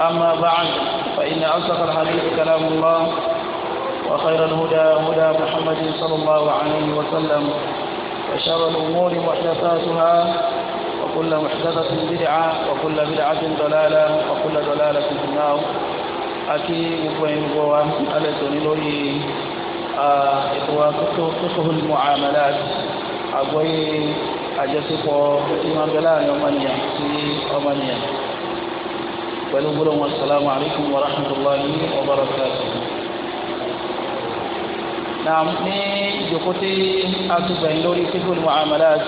أما بعد فإن أصدق الحديث كلام الله وخير الهدى هدى محمد صلى الله عليه وسلم وشر الأمور محدثاتها وكل محدثة بدعة وكل بدعة ضلالة وكل ضلالة في النار أكيد وإنغوا على تنلوي إخوة فقه المعاملات أبوي أجسفوا إمام بلاني أمانيا في أمانيا pẹ̀lú gbọ́dọ̀ wọn salamu alaykum wa rahmatulahi wa barakatuh. naam ní ìjókòtí atúbẹ̀yìn lórí fífún muamalat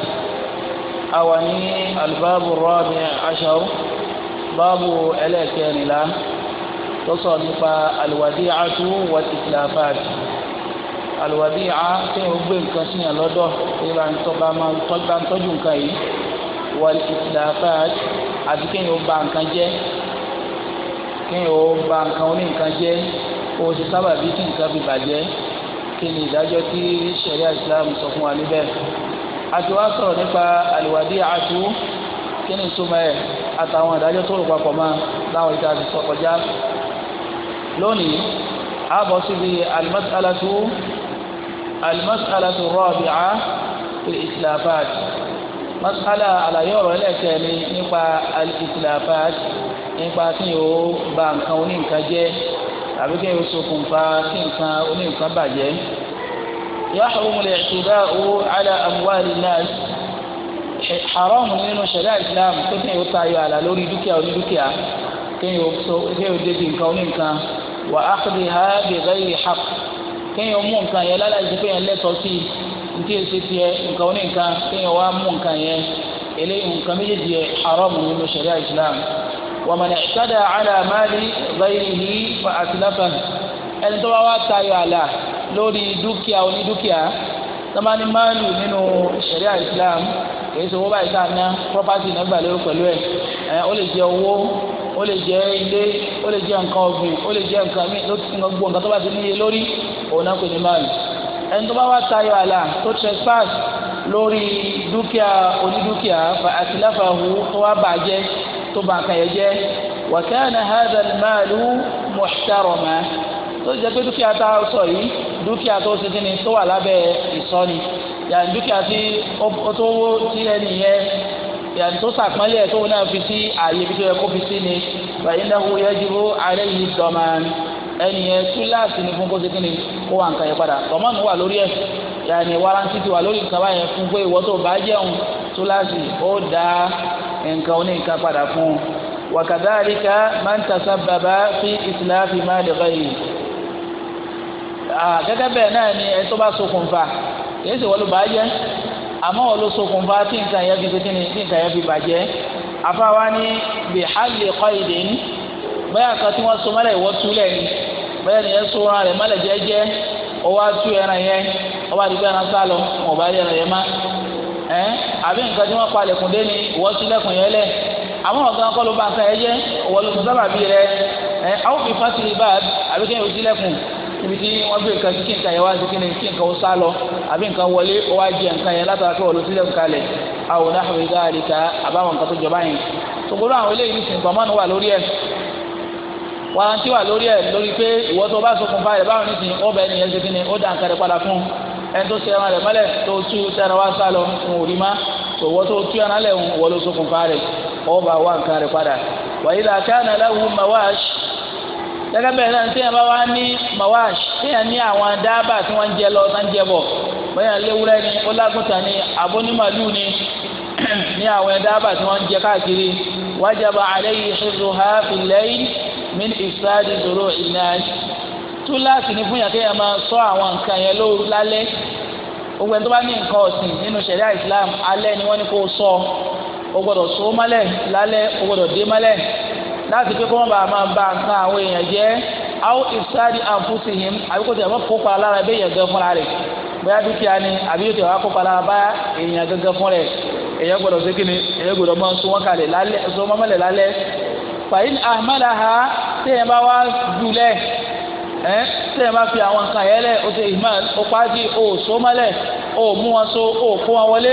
àwa ní albaabu rabi ashar baabu ẹlẹ́kẹrìnlá tó sọ nípa alwadi'atu wa titlafat alwadi'a tí o gbé nǹkan sí yàn lọ́dọ̀ ìlà ntọ́ba ń tọ́jú nǹkan yìí wa titlafat àti kéèyàn ó ba nǹkan jẹ́ kéèyàn ó ba nǹkan oníǹkan jẹ́ ó ti sábà bí kí nǹkan fi bàjẹ́ kí ni ìdájọ́ tí ṣẹ̀ríà Islam sọ fún wa níbẹ̀. àti wá sọ̀rọ̀ nípa àlùwádí àtú kí ni ìtumọ̀ ẹ̀ àtàwọn ìdájọ́ tó rò papọ̀ mọ́ láwọn ìta ti sọ lónìí àbọ̀ síbi alimasalatu alimasalatu rọ̀bìá ìsìlàfàt masala àlàyé ọ̀rọ̀ ẹlẹ́kẹ̀ẹ́ ni nípa ìsìlàfàt. nípa kí n ò ba nǹkan oníǹkan jẹ́ tàbí kí n ò ṣokùnfà kí nǹkan oníǹkan bàjẹ́. yahrumu al-i'tiba'u ala amwali an haram nínú ṣẹ̀dá islam kí n ò tayọ àlà lórí dúkìá onídúkìá kí n ò débi nǹkan oníǹkan mú nǹkan yẹn i tiẹ̀ islam ومن اعتدى على مال غيره فأتلفه ẹni tó bá wá tayọ àlà lórí dúkìá onídúkìá tọ́ba ní máàlù nínú ṣẹ̀ríà Islam kì í ṣe owó báyìí sáà ná property náà gbà lérò pẹ̀lú ẹ̀ ó lè jẹ owó ó lè jẹ ilé ó lè jẹ nǹkan ọ̀gbìn ó lè jẹ nǹkan mi gbogbo nǹkan tó bá ti níye lórí òun náà pè ní máàlù ẹni tó bá wá tayọ àlà tó trespass lórí dúkìá onídúkìá àtìláfàá hu tó wá bàjẹ́ tó ba nǹkan yẹn jẹ́ wa kana hadha al-malu muhtarama tó jẹ́ pé dúkìá tá a sọ yìí dúkìá tó ṣe kí ni tó wà lábẹ́ ìsọ́ni yàrá dúkìá tí ó tó wó tí ẹni yẹn yàrá tó sàpọ́nlé ẹ̀ tó náà fi sí ààyè ibi tó yẹ kó fi sí ni fa innahu yajibu alayhi daman ẹni yẹn túláàsì ni fún kó ṣe ni kó wà nǹkan yẹn padà tọ́mọ́nù wà lórí ẹ̀ yàrá warranty ti wà lórí nǹkan báyẹn fún pé ìwọ tó bá jẹun túláàsì ó dáa nǹkan oníkan padà fún un wàkàdáríkà máa ń tàṣà bàbá fi ìsìláàfì máa lè báyìí. gẹ́gẹ́ bẹ́ẹ̀ náà ni ẹ tó bá ṣokùnfà kì í ṣe wọ́n ló bá jẹ́ àmọ́ wọ́n ló ṣokùnfà tí nǹkan yẹn fi kíni tí nǹkan yẹn fi bàjẹ́ àfáwa ní bí hàlì kọ́ ìdè ní bẹ́ẹ̀ kan tí wọ́n so mọ́lẹ̀ ìwọ́ túlẹ̀ ni bẹ́ẹ̀ ni ẹ so ra rẹ̀ mọ́lẹ̀ jẹ́jẹ́ ọwọ́ á tú ẹran yẹn ọwọ́ ẹ àbí nǹkan tí wọ́n palẹ̀kùn dé ni wọ́n sílẹ̀kùn yẹn lẹ̀ àwọn ọ̀gá ńkọ́ bá ń sábà rẹ bá àbí kẹ́hìn ibi tí wọ́n gbé nǹkan kí nǹkan yẹn wá sí kí nǹkan ó sá lọ àbí nǹkan wọlé ó wá jẹ nǹkan yẹn látara àwọn onáhùn ìdá àbáwọn nǹkan tó jọba tòkòrò àwọn eléyìí wà lórí wà lórí lórí ẹni tó ṣe ẹran rẹ̀ mọ́lẹ̀ tó tú tẹ́ra wá sá lọ ń wò rí má tòwọ́ tó tú ẹran lẹ̀ ń wọ́ ló ṣokùnfà rẹ̀ ọwọ́ bá wá nǹkan rẹ̀ padà wàyí là kánà lahu mawash gẹ́gẹ́ bẹ́ẹ̀ náà tí yẹn bá wá ní mawash tí yẹn ní àwọn dábà tí wọ́n ń jẹ lọ tán jẹ bọ̀ bẹ́ẹ̀ léwúrẹ́ ni ó lágùntàn ni abónímàlú ni ní àwọn dábà tí wọ́n ń jẹ káàkiri wájàba alayhi hifzuha fil layl min ìsáàdì zoro ìnáyà túláàsì ni fún yàn kéèyàn máa sọ àwọn nǹkan yẹn lóru lálẹ́ gbogbo ẹni tó bá ní nǹkan ọ̀sìn nínú ṣẹ̀ríà Islam alẹ́ ni wọ́n ní kó sọ o gbọ́dọ̀ so mọ́lẹ̀ lálẹ́ o gbọ́dọ̀ dé mọ́lẹ̀ láti pé kó wọ́n bá máa ba nǹkan àwọn èèyàn jẹ́ àwọn ìsáàdì àǹfùsì yìí àbí kò tẹ̀ wọ́n kópa lára bẹ́ẹ̀ yẹn gan fúnra rẹ̀ bóyá dúkìá ni àbí yóò tẹ̀ wọ́n kópa lára bá èèyàn gangan fún rẹ̀ èèyàn gbọ́dọ̀ ṣe kíni èèyàn gbọ́dọ̀ máa so wọ́n kalẹ̀ lálẹ́ so mọ́lẹ̀ lálẹ́ fàyín ahmadaha tẹ̀yẹ̀ bá wá dulẹ̀ ẹ tẹ́lẹ̀ bá fi àwọn nǹkan yẹn lẹ̀ o ti ìmáà o pàdé o so mọ́lẹ̀ o mú wọn so o kó wọn wọlé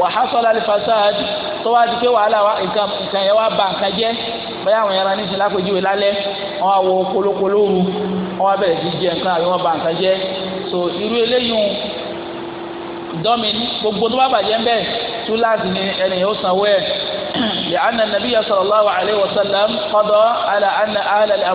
wàhásọ́lá alifasad tó wá di pé wàhálà wa nǹkan nǹkan yẹn wá ba nǹkan jẹ́ báyà àwọn yàrá níṣẹ́ lápèjúwe lálẹ́ wọn wá kolokolo ru wọn wá sí jẹ nǹkan àbí wọn ba nǹkan jẹ́ so irú eléyìí dọ́mi gbogbo tó bá bàjẹ́ ń bẹ̀ túláàsì ni ẹni yóò sanwó ẹ̀ lẹ́yìn anna nabiya sallallahu alayhi wa sallam qada ala anna ala al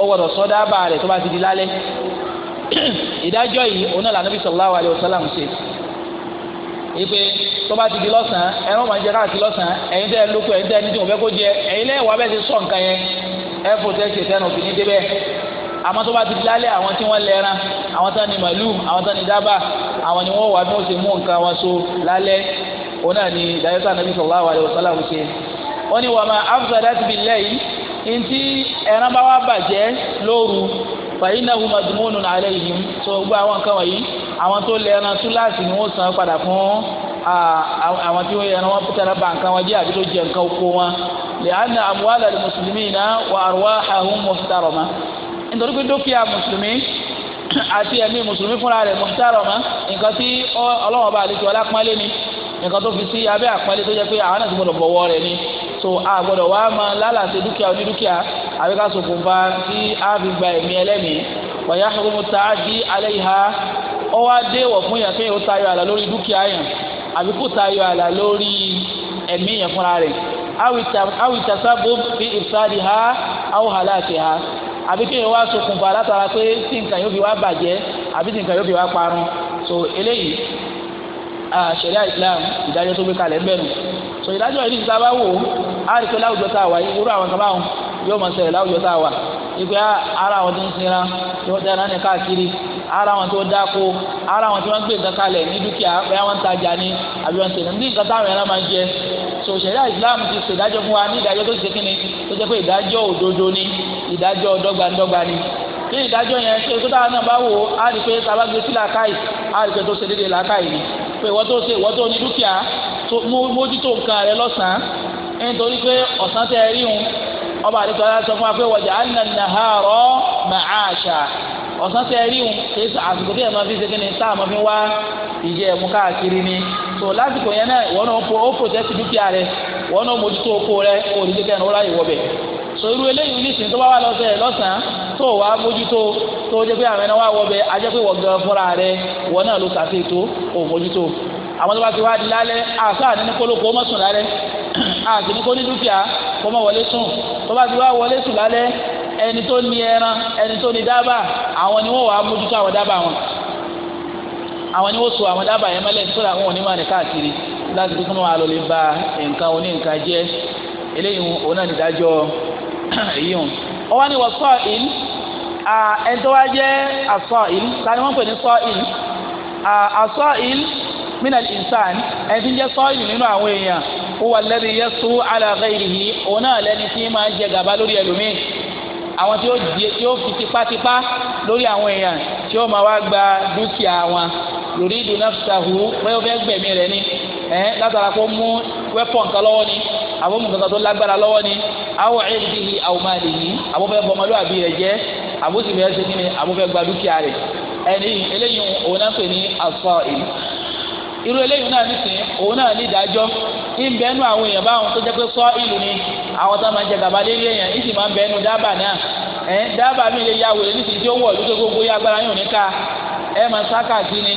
ó gbọ́dọ̀ sọ dábàá rẹ̀ tó bá ti di lálẹ́ ìdájọ́ yìí òun náà lànà bí sallallahu alaihi wasallam ṣe ipe tó bá ti di lọ́sàn-án ẹran máa ń jẹ káàkiri lọ́sàn-án ẹ̀yin tẹ́ ẹ lóko ẹ̀yin tẹ́ ẹ ní tí mo fẹ́ kó jẹ ẹ̀yin lẹ́yìn wá bẹ́ẹ̀ ti sọ nǹkan yẹn ẹ fò tẹ́ ṣe tẹ́nu òfin ní débẹ̀ àmọ́ tó bá ti di lálẹ́ àwọn tí wọ́n lẹ́ran àwọn tán ni màlúù àwọn tán ni dábà àwọn ni wọ́n wà bí wọ́n ṣe mú nǹkan wọn so lálẹ́ òun náà ni dayọ́tà nàbí sallallahu alaihi wasallam ṣe wọ́n ní wàmà afsadat bil layl ntí ẹran bá wá bàjẹ́ lóru fàyín náà hùmà dùmúnù nàlẹ́ yìí tó gbọ́ àwọn nǹkan wọ̀nyí àwọn tó lẹ ẹran túláàsì ni wọ́n san padà fún àwọn tí wọ́n yẹ ẹran wọn tẹ̀lé ba nǹkan wọn jẹ́ àbí tó jẹ nǹkan oko wọn lè á na àmúwálà ní mùsùlùmí iná wà àrùwá àhún mọ̀fútàrọ̀mà nítorí pé dúkìá mùsùlùmí àti ẹ̀mí mùsùlùmí fúnra rẹ̀ mọ̀fútàrọ̀mà nǹkan tí ọlọ́wọ́n ni nǹkan tó fi sí abẹ́ àpọ́nlé ni so a gbọ́dọ̀ wá máa lálàsẹ̀ dúkìá onídúkìá àbí ká ṣokùnfà tí a fi gba ẹ̀mí ẹlẹ́mìí wàyà àkókò tá a di alẹ́ ìhà ọ wá dé wọ̀ fún yàn kéèyàn ó tayọ àlà lórí dúkìá yàn àbí kó tayọ àlà lórí ẹ̀mí yàn fúnra rẹ̀ awi tasabu fi ifsadi ha awo halaki ha àbí kéèyàn wá ṣokùnfà látara pé tí nǹkan yóò fi wá bàjẹ́ àbí tí nǹkan yóò fi wá parun so eléyìí ṣẹ̀ríà Islam ìdájọ́ tó gbé kalẹ̀ ń bẹ̀rù sọ ìdájọ́ ìdí ìta bá wò ó á rí pé láwùjọ tá a wà irú àwọn kan báwọn yóò máa ṣẹlẹ̀ láwùjọ tá a wà ìpè ah, ara àwọn tó ń sinra tó ń dáná ní káàkiri ara àwọn tó dáko ara àwọn tí wọ́n gbé nǹkan kalẹ̀ ní dúkìá bẹ́ẹ̀ wọ́n ń tajà ni àbí tẹ̀lé ní nǹkan táwọn ẹ̀rọ máa ń jẹ so ṣẹ̀ríà Islam ti ṣe ìdájọ́ fún wa ní ìdájọ́ tó ṣe kíni tó jẹ́ pé ìdájọ́ òdodo ni ìdájọ́ dọ́gbandọ́gba ni kí ìdájọ́ yẹn ṣe tó dáa náà bá wò ó á rí i pé tá a bá gbé sí làákàyè á rí i pé tó ṣe déédéé làákàyè ni pé ìwọ́n tó ṣe ìwọ́n tó ní dúkìá mójútó nǹkan rẹ lọ́sàn-án nítorí pé ọ̀sán rí un ọba àdìsọ ọlá fún wa pé wọ̀jà ànànàhàrọ̀ màáṣà ọ̀sán tẹ rí un kì í àsìkò tí ẹ̀ máa fi ṣe kíni tá a máa fi wá ìjẹ́ ẹ̀mú káàkiri ni tó lásìkò yẹn náà náà ó dúkìá rẹ náà mójútó oko sòrú eléyìí nísìnyí tó bá wà lọ́sẹ̀ lọ́sàn-án tó wàá mójútó tó jẹ́ pé àwọn ẹni wà wọ bẹ ajẹ́ pé wọ́n gan fúnra rẹ wọ́n náà ló sàfihàn tó ò mójútó àwọn tó bá ti wá di lálẹ́ àṣà ní kólókó mọ́ sùn lálẹ́ àti ní kó ní dúkìá kó mọ́ wọlé sùn tó bá ti wá wọlé sùn lálẹ́ ẹni tó ní ẹran ẹni tó ní dábàá àwọn ni wọ́n àwọn ni wọ́n so àwọn dábàá yẹn mọ́lẹ̀ eléyìí òun náà nídájọ́ èyí hàn ó wá ní wọ sọ ìl ẹni tó wá jẹ́ asọ ìl ta ni wọ́n pè ní sọ ìl asọ ìl minal insan ẹni tí ń jẹ́ sọ ìl nínú àwọn èèyàn huwa alladhi yasu ala ghayrihi òun náà lẹ́ni tí máa ń jẹ gàba lórí ẹlòmíì àwọn tí ó fi tipátipá lórí àwọn èèyàn tí ó máa wá gba dúkìá wọn yuridu nafsahu pé ó fẹ́ gbẹ̀mí rẹ̀ ni ẹ̀ látara kó mú wẹ́pọ̀ nǹkan lọ́wọ́ ni àwọn mú nǹkan tó lágbára lọ́wọ́ ni àwọn ẹ̀ẹ́dìhì àwọn máa lè yí àwọn fẹ́ bọmọlúwàbí rẹ̀ jẹ́ àwọn sì fẹ́ ṣe ni àwọn fẹ́ gba dúkìá rẹ̀ ẹni eléyìí òun náà pè ní asọ ìlú irú eléyìí náà nísìnyí òun náà ní ìdájọ́ ìbẹ́nu àwọn èèyàn báwọn tó jẹ́ pé sọ ìlú ni àwọn tó máa ń jẹ gàba lé léèyàn ìsì máa ń bẹ́nu dábàá náà ẹ̀ dábàá mi lè yàwó ẹ̀ nísìnyí ó wọ̀ lókè yá agbára yóò ní ká ẹ̀ máa sá káàkiri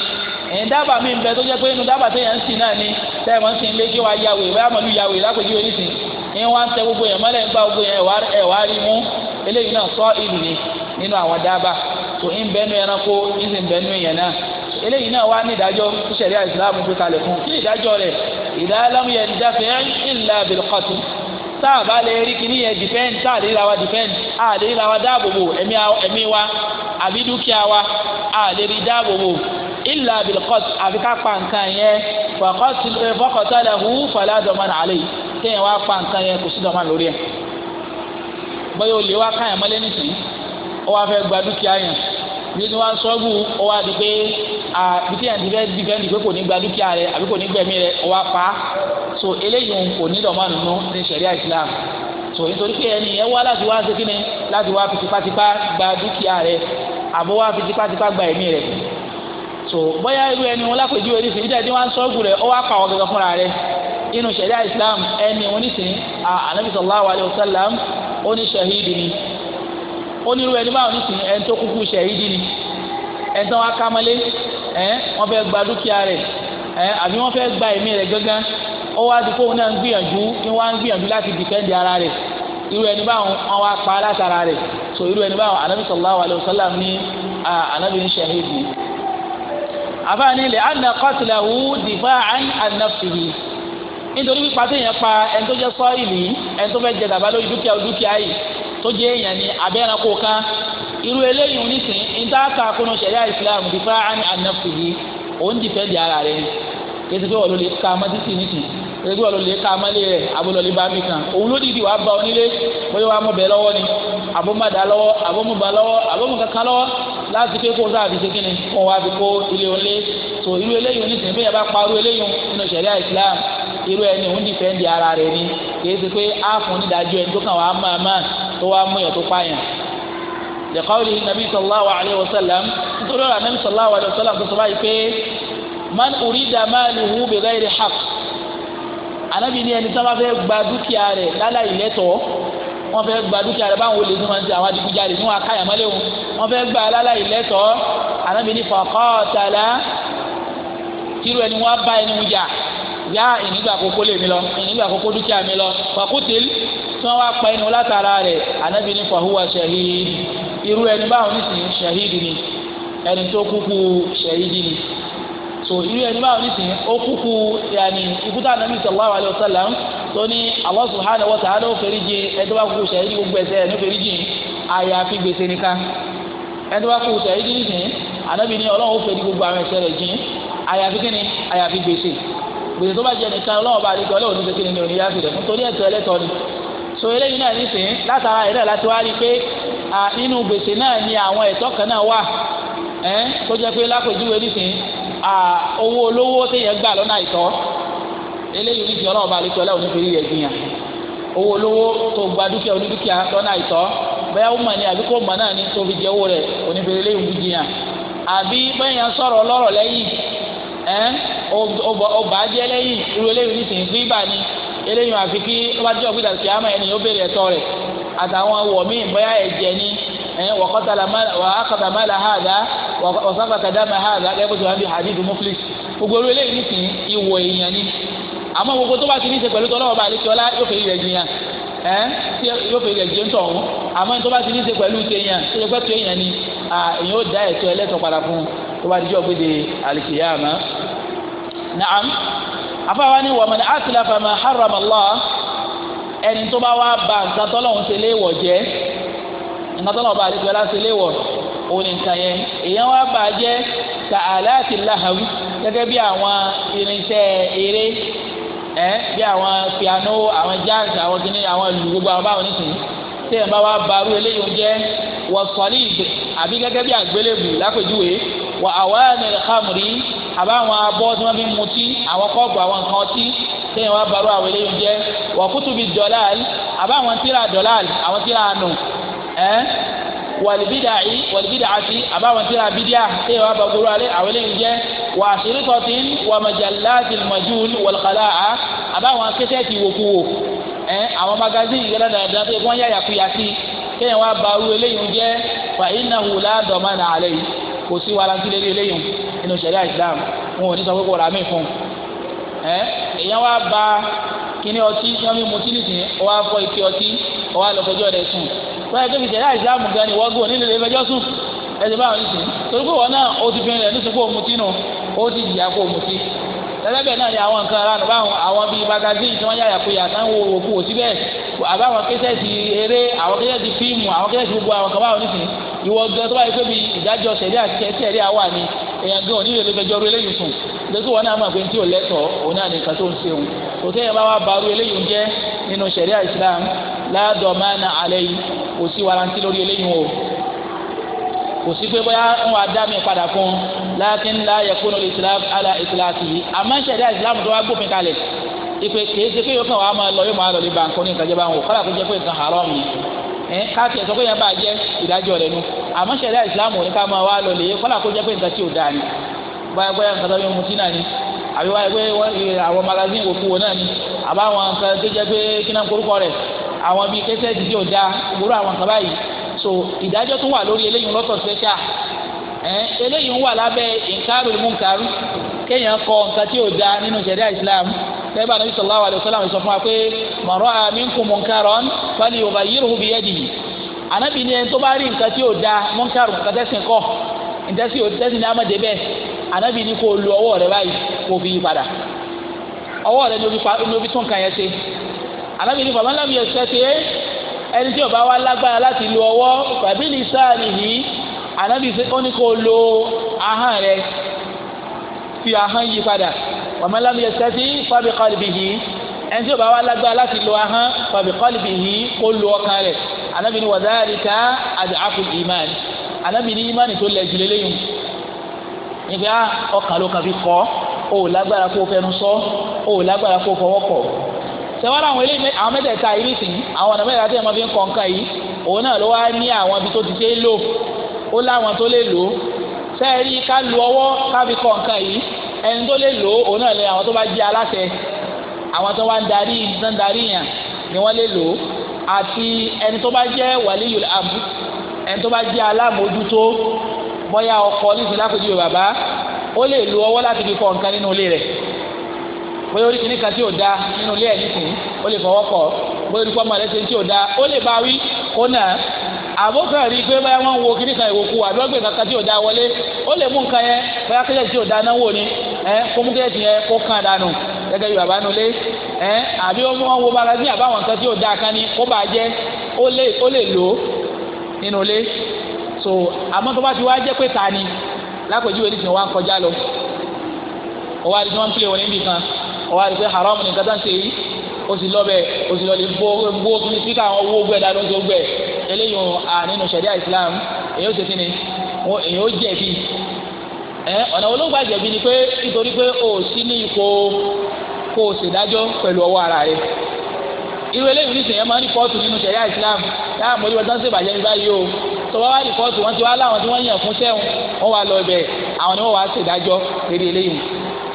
ẹ̀yin dábàá mi bẹ tó jẹ́ pé inú dábàá téèyàn ń sìn náà ni tẹ́ẹ̀ wọ́n ń sìn lé kí wàá yàwé wàá mọ̀lú yàwé lápèjú orí sìn ní wọ́n ń tẹ gbogbo yẹn mọ́lẹ̀ ń gbà gbogbo yẹn ẹ̀wà rí mú eléyìí náà sọ ìlú ni nínú àwọn dábàá tó ń bẹnu ẹranko ń sì ń bẹnu yẹn náà eléyìí náà wá ní ìdájọ́ tó ṣẹ̀rí àìsílámù gbé kalẹ̀ fún kí ìdájọ́ rẹ̀ ìdálámù ilà abilkọt àfi ká pa nǹkan yẹn fọkọtàlẹhu fàlà dọmọnà àlẹ yìí kéèyàn wá pa nǹkan yẹn kò sí dọmọnà lórí ẹ bóyá olè wá káyàn mọ́lẹ̀ nìsín ó wá fẹ́ gba dúkìá yẹn bí wọ́n wá sọ́ọ̀bù wá di pé àbítí yẹn ti fẹ́ dìfẹ́ǹdì pé kò ní gba dúkìá rẹ àbí kò ní gbẹ̀mí rẹ ó wá pa so eléyìí kò ní dọmọnà nù ní ṣẹ̀ríà Islam so nítorí pé ẹni yẹn wá láti wá ṣe kíni láti wá fi tipátipá gba dúkìá rẹ àbó wá fi gba ẹ̀mí rẹ so bóyá irú ẹni wọn lápèjúwe ní sèyí jáde wọn sọ́ọ̀gù rẹ̀ ó wá pa àwọn gẹ́gẹ́ fúnra rẹ̀ inú sẹ̀ríà islam ẹni wọn ní sìn anabi Allah alayhi wa sallam ó ní sẹ̀hídì ni ó ní irú ẹni báwọn ní sìn ẹni tó kúkú sẹ̀hídì ni ẹni tó wá kámálé ẹ wọn fẹ́ gba dúkìá rẹ̀ ẹ àbí wọn fẹ́ gba ẹ̀mí rẹ̀ gángan ó wá di fóun náà ń gbìyànjú ní wọn á ń gbìyànjú láti dìfẹ́ǹdì ara rẹ̀ irú ẹni báwọn wọn wá pa látara rẹ̀ so irú ẹni báwọn anabi sallallahu alayhi wa sallam ní anabi ní sẹ̀hídì ni àbáni lè àná kọ́tìlẹ̀ wù dìbà àn ànáfìhì nítorí pípa tó yẹn pa ẹni tó jẹ sọ́ọ̀lì ẹni tó fẹ́ jẹ gàba lórí dúkìá dúkìá yìí tó jẹ èèyàn ni abẹ́ranko kan irú eléyìí nísìnyí níta ká kónú ṣẹ̀ríà Islam dìbà àn ànáfìhì òun dìfẹ́ di ara rẹ̀ kí ẹ ti fẹ́ wọ́n ló lè ka mọ́títì ebi ọlọ lè ka amálẹ rẹ abolọlẹ bá mi kan òun ló dìdì wàá ba onílé bóyá wàá mú bẹ lọ́wọ́ ni abomada lọ́wọ́ abomuba lọ́wọ́ abomukankan lọ́wọ́ láti pé kó sáà fi ṣe kíni kó wàá fi kó ilé onílé tó irú eléyìí onísìnyí bẹ́ẹ̀ bá parú eléyìí nínú ṣẹ̀ríà Islam irú ẹni òun dìfẹ́ǹdì ara rẹ̀ ni kìí ṣe pé ààfún onídàájọ́ ẹni tó kàn wàá máa máa tó wàá mú yàn tó pààyàn. lẹ́kọ̀ọ́lì nàbí sallallahu alayhi wa nítorí anabi ní ẹni sábà fẹ́ gba dúkìá rẹ̀ láláì lẹ́tọ̀ọ́ wọ́n fẹ́ gba dúkìá rẹ̀ báwọn olè níwọ̀n ti àwọn adigunjalè níwọ̀n akáyàmọ́lé wọn wọ́n fẹ́ gba láláì lẹ́tọ̀ọ́ anabi ní faqatala tìrú ẹni wọ́n bá ẹni wọn jà yá ìnígbà àkókò lèmi lọ ìnígbà àkókò dúkìá mi lọ fàkútìl tí wọ́n wá pa ẹni wọn látara rẹ̀ anabi ní fahuwa shahid irú ẹni báwọn nísìnyí shahid ni ẹni tó kúkú shahid ni so irú ẹni báwo nísìnyí ó kúkú yanni ìkúta nàbí sallallahu alayhi wa sallam tó ní Allah subhanahu wa ta'ala ó fẹ́rí jìn ẹni bá kúkú sẹ́yìn gbogbo ẹsẹ̀ ẹni ó fẹ́rí jìn àyàfi gbèsè nìkan ẹni bá kúkú sẹ́yìn nísìnyí ànábì ní ọlọ́run ó fẹ́rí gbogbo àwọn ẹsẹ̀ rẹ̀ jìn àyàfi kíni àyàfi gbèsè gbèsè tó bá jẹ nìkan ọlọ́run bá àdìgbò ọlọ́run ni so eléyìí náà nísìnyí látara ẹ̀rẹ́ láti wá rí i pé inú gbèsè náà ni àwọn ẹ̀tọ́ kan náà wà tó jẹ́ pé lápèjúwe nísìnyí owó olówó téèyàn gbà lọ́nà àìtọ́ eléyìí oníjì ọlọ́run bá lè tọ́lá onífèrè yẹ gbìyàn owó olówó tó gba dúkìá onídúkìá lọ́nà àìtọ́ bẹ́ẹ̀ ó mọ̀ ní àbí kó mọ̀ náà ní tó fi jẹ owó rẹ̀ onífèrè eléyìí ń gbìyàn àbí bẹ́ẹ̀yàn sọ̀rọ̀ ọlọ́rọ̀ lẹ́yìn ọba jẹ́ lẹ́yìn irú eléyìí ní sìn gbígbà ni eléyìí àfi kí ó bá jẹ́ òkúta ó béèrè ẹ̀tọ́ rẹ̀ àtàwọn ni Eh, wàkọ́tàlá wà ákàtà mẹ́là hàdá wàsáfàtà dámà hàdá gẹ́gẹ́ tó wà bí hadith muflis gbogbo orí eléyìí ní sìn ìwọ èèyàn ni àmọ́ gbogbo tó bá ti ní í ṣe pẹ̀lú tọ́lọ́wọ́ bá àlejò ọlá yóò fẹ́ ilẹ̀ jìyàn ẹ́ eh, yóò fẹ́ ilẹ̀ jìyàn tọ̀ ọ̀hún àmọ́ tó bá ti ní í ṣe pẹ̀lú tèèyàn tó yẹ pé tó èèyàn ni èèyàn ó dá ẹ̀tọ́ ẹlẹ́tọ̀ padà fún tó nǹkan tó lọ́wọ́ bá àdéjọ́ láti léwọ̀ òun ni nǹkan yẹn èèyàn wá bàá jẹ́ ka àláàtì láhàm gẹ́gẹ́ bí àwọn irinṣẹ́ eré ẹ̀ bí àwọn piano àwọn jazz àwọn gíní àwọn ìlú gbogbo àwọn báwọn nísìnyí tí ẹ̀ bá wá barú eléyìí jẹ́ wọ́n sọ̀lì àbí gẹ́gẹ́ bí àgbélébù lápèjúwe wà àwọn ẹ̀mẹ̀rẹ̀kàmùrí àbáwọn abọ́ tí wọ́n fi ń mutí àwọn kọ́ọ̀bù àwọn nǹkan ọtí tẹ́yìn wá barú àwọn eléyìí jẹ́ wọ́n kútùbí dọ́làl àbáwọn tíra dọ́làl àwọn tíra àánú ẹ́ eh? wàlìbídà yìí wàlìbídà àti àbáwọn tíra bídíà ṣé wàá bá gbogbo alẹ́ àwọn eléyìí jẹ́ wà àṣírítọ́tì wà màjàláàtì màjúùl wàlùkàlà á àbáwọn kẹsẹ̀tì wòkúwò ẹ́ eh? àwọn magazine yẹlẹ dandan tó yẹ kí wọ́n yàyà kuyà sí kéèyàn wá ba irú eléyìí jẹ́ fàyínà hùlá dọ̀mánà àlẹ́ yìí kò sí wàhálà ntí lérí eléyìí nínú sẹ̀ríà Islam wọn ò ní sọ pé kò rà fún un eh? ẹ́ èèyàn wá ba kini ọtí tí wọ́n mutí nìsín ó wá bọ́ ike ọtí ó wá lọ fẹjọ́ sùn wọ́n yẹ kó fi tẹ̀lé àìsàmù gan ni wọ́n gò nílé lè fẹjọ́ sùn ẹsẹ̀ báwọn nìsín torí pé wọn náà ó ti fi rẹ̀ nísìkò mutí nù ó ti jìyà kó mutí lẹ́lẹ́bẹ̀ẹ́ náà ni àwọn nǹkan aráàlú báwọn àwọn bíi magazine tí wọ́n yà yàkuyà táwọn òkú wò síbẹ̀ àbáwọn kẹsẹ̀tì eré àwọn kẹsẹ̀tì fíìmù àwọn kẹsẹ̀tì gbogbo àwọn kan báwọn nìsín ìwọ gan tó bá pé bí ìdájọ́ sẹ̀rí àti sẹ̀rí àwa ni èèyàn gan ò nílò lè fẹjọ́ sùn lẹ́sùn wọn náà mọ̀ pé ní tí ò lẹ́tọ̀ọ́ òun náà ní nǹkan tó ń ṣe òun kò sẹ́yìn bá wà bàrú eléyìí ń jẹ́ nínú sẹ̀ríà islam ládọ̀mánà alẹ́ yìí kò sí warranty lórí eléyìí o kò sí pé bóyá ń wà dá mi padà fún un lákín la yakunu islam ala islati yìí àmọ́ sẹ̀ríà islam tó wá gbòfin kalẹ̀ ìpè kìí ṣe pé yóò kàn wá máa lọ yóò máa lọ lè ba nǹkan ní nǹkan jẹ́ bá wọn kọ́lá kó jẹ́ pé nǹkan haram ni káàtì ẹ̀sọ́ pé yẹn bá jẹ́ ìdájọ́ rẹ̀ nu àmọ́ sẹ̀ríà islam ò ní ká máa wá lọ lè kọ́lá kó jẹ́ pé nǹkan tí ò dáa ni báyọ̀ bóyá nǹkan tó yẹ mutí náà ni àbí wáyé pé àwọn magazine wò kúwo náà ni àbá àwọn nǹkan tó jẹ́ pé kí náà korúkọ rẹ̀ àwọn bíi kẹsẹ̀ dídí ò dáa àwọn nǹkan báyìí so ìdájọ́ tó wà lórí eléyìí lọ́tọ̀ special ẹ̀ eléyìí wà lábẹ́ inkarul munkar kéèyàn kọ nǹkan tí ò dáa nínú ṣẹ̀ríà Islam kẹ́bà nàbí sallallahu alaihi wasallam sọ fún wa pé man ra'a minkum munkaran falyughayyirhu biyadihi ànábì ni ẹni tó bá rí nǹkan tí ò dáa munkaru nǹkan kọ́ nǹkan ní amadi bẹ́ẹ̀ ànábì ní kó o lu ọwọ́ rẹ báyìí kó o fi yí padà ọwọ́ rẹ ni o fi tún kàn yẹn ṣe ànábì ní fàmílà mi ẹsẹ ṣe ẹni tí ó bá wà lágbára láti lu ọwọ́ tàbí ní sáà nìyí ànábì ó ní kó o lo ahọ́n rẹ fi ahọ́n yí padà fàmílà mi ẹsẹ ṣe fàbí kọ́lìbì yìí ẹni tí ó bá wà lágbára láti lo ahọ́n fàbí kọ́lìbì yìí kó lu ọkàn rẹ ànábì ní wàdáàrí ká àdàáfù ìmáàni ànábì ní ìmáàni tó lẹ̀ jùlẹ̀ lẹ́yìn níbi á ah, ọkàn ló kàn fi kọ́ o ò lágbára kó o fẹnu sọ o ò lágbára kó o fọwọ́ kọ̀ sẹ́wọ́n àwọn eléyìí àwọn mẹ́tẹ̀ẹ̀ta yìí sì àwọn ọ̀nà mẹ́tẹ̀ẹ̀ta tí wọ́n fi ń kọ́ nǹkan yìí òun náà ló wá ní àwọn ibi tó ti ṣe é lò ó láwọn tó lè lò ó sẹ́ẹ̀rí ká lu ọwọ́ ká fi kọ́ nǹkan yìí ẹni tó lè lò ó òun náà lè àwọn tó bá jẹ́ aláṣẹ àwọn tó wá ń darí tó ń darí yàn ni wọ́n lè lò ó àti ẹni tó bá jẹ́ wàlíyù ẹni tó bá jẹ́ alámòójútó bọ́yá ọkọ níṣẹ́ lápèjúwe bàbá ó lè lu ọwọ́ láti fi kọ́ nǹkan nínú ilé rẹ̀ bóyá orí kìíní kan tí ò da nínú ilé ẹ̀ nìkún ó lè fọwọ́ kọ́ bóyá orí pọ́nmọ́ ẹ̀rẹ́sẹ̀ tí ò da ó lè bá wí kó nà àbókan rí i pé báyà wọn wo kìíní kan ìwòkú àdúgbò kankan tí ò da wọlé ó lè mú nǹkan yẹn bóyá kẹ́lẹ́ tí ò da náwó ni ẹ kó mú kẹ́lẹ́ yẹn kó kàn dànù gẹ́gẹ́ bí bàbá nulẹ̀ ẹ àbí wọn wo magazine àbáwọn nǹkan tí ò da kan ni kó bàjẹ́ ó lè lò nínú ilé so àmọ́ tó bá ti wá jẹ́ pé ta ni lápèjúwe ní ìsìn wa ń kọjá lọ ọwọ́ àdìsí wọn ń pè wọn níbi kan ọwọ́ àdìsí haram ní nǹkan tó ń ṣe yìí ó sì lọ bẹ ó sì lọ lè gbó gbó fún spíkà àwọn owó gbẹ dáadọ́ tó gbẹ eléyìí à nínú ṣẹ̀ríà Islam èyí ó ṣe kí ni èyí ó jẹ̀bi ẹ ọ̀nà olóògbà jẹ̀bi ni pé nítorí pé o sí ní ipò kó o ṣèdájọ́ pẹ̀lú ọwọ́ ara rẹ irú eléyìí nísìnyẹn máa ń rí pọ́ọ̀tù nínú ṣẹ̀ríà Islam táwọn mọ̀lẹ́wọ̀n tó ń ṣèbàjẹ́ ní báyìí o tọ́wọ́ wá rìpọ́ọ̀tù wọ́n ti wá láwọn tí wọ́n yàn fún sẹ́wọ̀n wọ́n wá lọ ibẹ̀ àwọn ni wọ́n wá ṣèdájọ́ lérí eléyìí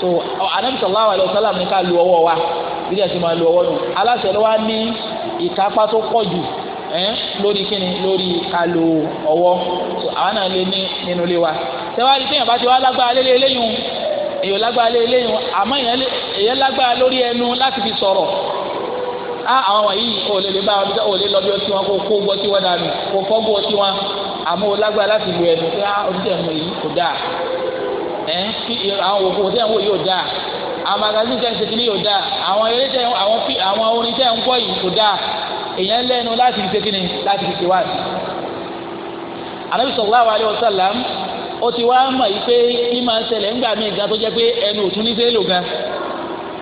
so anabi Allah alayhi wa sallam ní ká lu ọwọ́ wa bí ẹ ti máa lu ọwọ́ nù aláṣẹ ló wá ní ìkápá tó pọ̀ jù lórí kíni lórí ká lu ọwọ́ so àwọn náà lè ní nínú ilé wa tẹ́wájú téèyàn bá ti wá lágbára lé eléyìí èèyàn lágbára lé eléyìí àmọ́ èèyàn lágbára lórí ẹnu láti fi sọ̀rọ̀ A ah, àwọn wọ̀nyí òòlè lè bá wọn bíi òòlè lọ bí ọtí wọn kó kó gbọ́ tí wọn dànù kó fọ́ gbọ́ tí wọn àmọ́ olágbára láti lu ẹnu pé á oníṣẹ́ ẹ̀mọ yìí kò dáa ẹ̀ kí àwọn òkú òtí ẹ̀wọ̀n yóò dáa àwọn magazine tẹ̀ ń ṣètìlí yóò dáa àwọn eré tẹ̀ àwọn fi àwọn orin tẹ̀ ń kọ́ yìí kò dáa èèyàn lẹ́nu láti fi ṣèkínni láti fi ti wá mọ̀ yìí pé kí máa ń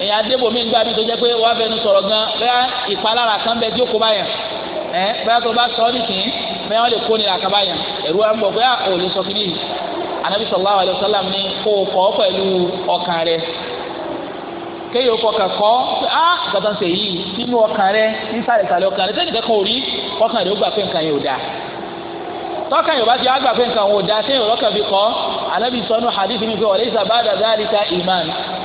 èyàn adébòmí ń gbà mí tó jẹ́ pé wọ́n á fẹnu gan bẹ́ẹ̀ ìpalára kan bẹ jókòó báyà ẹ bẹ́ẹ̀ tó bá sọ ọ́ nìsín bẹ́ẹ̀ lè kó ní àkàbà wa ń sọ fún anabi alayhi wa sallam ni kó o kọ́ pẹ̀lú ọkàn rẹ kéye o kọkàn kọ́ á gbàtà sè yìí nínú ọkàn rẹ nísàlẹ̀ sàlẹ̀ ọkàn rẹ ọkàn rẹ ó gbà pé nǹkan yẹn ò yorùbá ti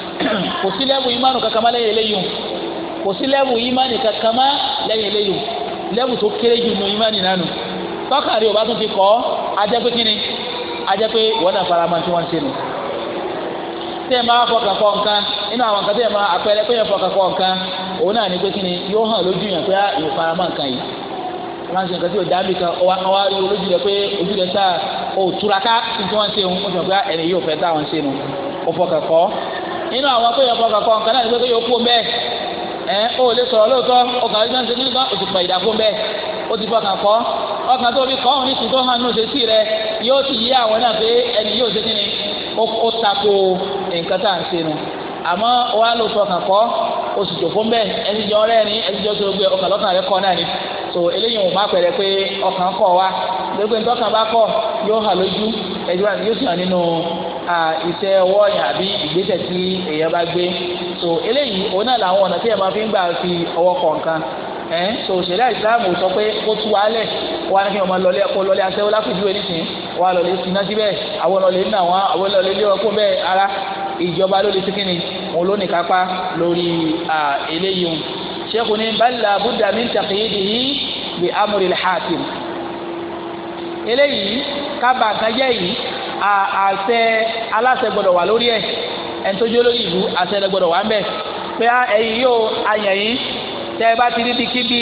kò sí lẹ́bù ìmánu kankan má lẹ́yìn eléyìí kò sí lẹ́bù ìmánu kankan má lẹ́yìn eléyìí lẹ́bù tó kéré jù nù ìmánu nánu tọ́kàrí ò bá tún ti kọ́ ajẹ́ pé kíni ajẹ́ pé wọ́n náà fara máa tí wọ́n ń ṣe nù. tí ẹ máa fọkàn kọ nǹkan inú àwọn nǹkan tí ẹ máa àpẹẹrẹ pé yẹn fọkàn kọ nǹkan òun náà ní pé kíni yóò hàn lójú pé ah, fara máa nǹkan yìí wọ́n ṣe nínú àwọn tó yẹ kọ́ kankan nǹkan náà ni pé kó yóò kú bẹ́ẹ̀ ẹ̀ ó lè sọ̀rọ̀ lóòótọ́ ọkàn ọdún ṣe nígbà ó ti pọ̀ ìdàkú bẹ́ẹ̀ ó ti fọkàn kọ́ ọkàn tó fi kọ́ òun ní ti tó hàn nínú ṣèṣì rẹ yóò ti yí àwọn náà pé ẹni yóò ṣe kíni ó tako nǹkan tá à ń ṣe nu àmọ́ wa ló fọkàn kọ́ ó sì jòkó bẹ́ẹ̀ ẹni jọ rẹ́ ni ẹni jọ sọ̀rọ̀ gbé ọkàn lọ́kàn rẹ kọ́ náà ni so eléyìí ò má pẹ̀lẹ́ wa lóògbé ntọ́kàn bá kọ̀ yóò hà lójú ẹ̀jú iṣẹ́ ọwọ́ yẹn àbí ìgbésẹ̀ tí èèyàn bá gbé so eléyìí òun náà làwọn ọ̀nà tí èèyàn máa fi ń gbà fi ọwọ́ kọ̀ọ̀kan ẹ̀ so òṣèlú islam sọ pé kó tú wa lẹ̀ wọ́n á ní kí wọ́n máa lọlé ẹ̀kọ́ lọlé aṣẹ́wó lápèjúwe nísìnyí wọ́n á lọlé siná síbẹ̀ àwọn ọlọ́lé nínú àwọn àwọn ọlọ́lé lé ọkùn bẹ́ẹ̀ ara ìjọba ló lè síkìnnì òun ló ní kápá lórí eléyìí sheikh ni bala buddha min taqyidihi bi amri al-hakim eléyìí kábàkànjẹ́ yìí àṣẹ aláṣẹ gbọ́dọ̀ wà lórí ẹ̀ ẹni tó jó lórí ìlú àṣẹ rẹ̀ gbọ́dọ̀ wà ń bẹ̀ pé ẹ̀yin yóò ayàn yín tẹ́ ẹ bá ti rí ti kí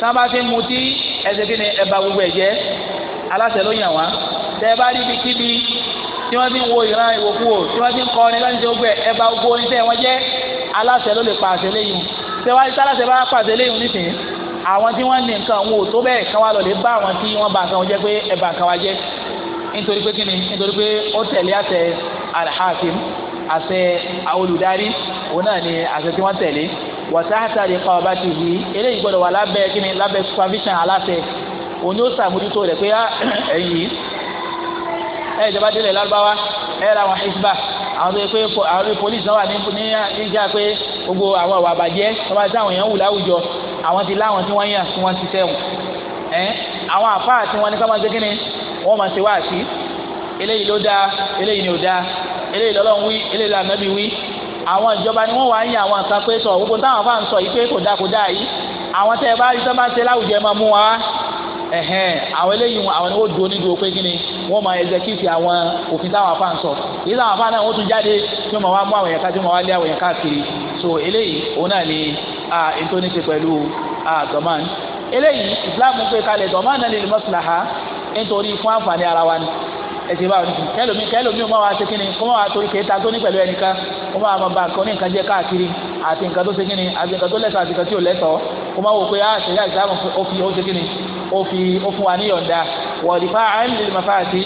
tá a bá ti mu tí ẹsẹ̀ kí ni ẹ bà gbogbo ẹ̀ jẹ́ aláṣẹ ló yàn wá tẹ́ ẹ bá rí ti kí bí tí wọ́n ti ń wo ìran ìwòkuwò tí wọ́n ti ń kọ́ ni láti ṣe gbogbo ẹ̀ ẹ bà gbogbo orin tẹ́ wọ́n jẹ́ aláṣẹ ló lè pàṣẹ léyìn tẹ́ wá aláṣẹ bá pàṣẹ léyìn nísìnyí àwọn tí wọ́n ní nǹkan wọn ò tó bẹ́ẹ̀ káwá lọ lè bá àwọn tí wọ́n bà kan jẹ́ pé ẹ bà jẹ́ nítorí pé kíni nítorí pé ó tẹ̀lé àṣẹ alhakim àṣẹ olùdarí òun náà ni àṣẹ tí wọ́n tẹ̀lé wàtáhàtà lè kọ́ ọba tìhí eléyìí gbọ́dọ̀ wà lábẹ́ kíni lábẹ́ supervision aláṣẹ òun yóò sàmójútó rẹ̀ pé ah, ẹ̀yìn yìí ẹ̀ ìjọba délẹ̀ lárúbáwá ẹ̀ ra wọn hisba àwọn tó yẹ pé àwọn tó polisi náà wà ní níjà pé gbogbo àwọn àwọn àbàjẹ́ tó bá sáwọn èèyàn wù láwùjọ àwọn ti láwọn tí wọ́n yàn tí wọ́n ti sẹ́wọ̀n ẹ̀ àwọn àfáà tí wọ́n ní ká wọ́n máa ṣe wáàsí eléyìí ló dáa eléyìí ni ò dáa eléyìí lọ́lọ́run wí eléyìí lànàbí wí àwọn ìjọba ni wọ́n wá ń yan àwọn nǹkan pé sọ gbogbo táwọn fáwọn sọ yìí pé kò dáa kò dáa yìí àwọn tẹ́ ẹ bá rí sọ máa ń ṣe láwùjọ ẹ máa mú wa ẹhẹn àwọn eléyìí àwọn ni wọ́n dúró nídúró pé kíni wọ́n máa ẹzẹkìtì àwọn òfin táwọn afáàn sọ èyí táwọn afáàn náà wọ́n tún jáde tí wọ́n máa mú àwọn yẹn tí wọ́n máa lé àwọn yẹn káàkiri so eléyìí òun náà ni ètò ní ti pẹ̀lú dọ̀mán eléyìí Islam pé kalẹ̀ dọ̀mán náà lè mọ́síláha nítorí fún àǹfààní ara wa ni ẹsẹ̀ báwo ni kẹlòmí kẹlòmí ó máa wá ṣe kínni kó máa wá torí kẹta tó ní pẹ̀lú ẹnìkan ó máa máa ba nǹkan ní nǹkan jẹ́ káàkiri àti nǹkan tó ṣe kínni àti nǹkan tó lẹ́tọ̀ọ́ àti nǹkan tí ò lẹ́tọ̀ọ́ ó máa wò pé á ah, ṣe yá ìsáàmù ó ó ṣe kínni ó fi ó fún wa níyọ̀ǹda wọ̀dìfà àìlè màfàtì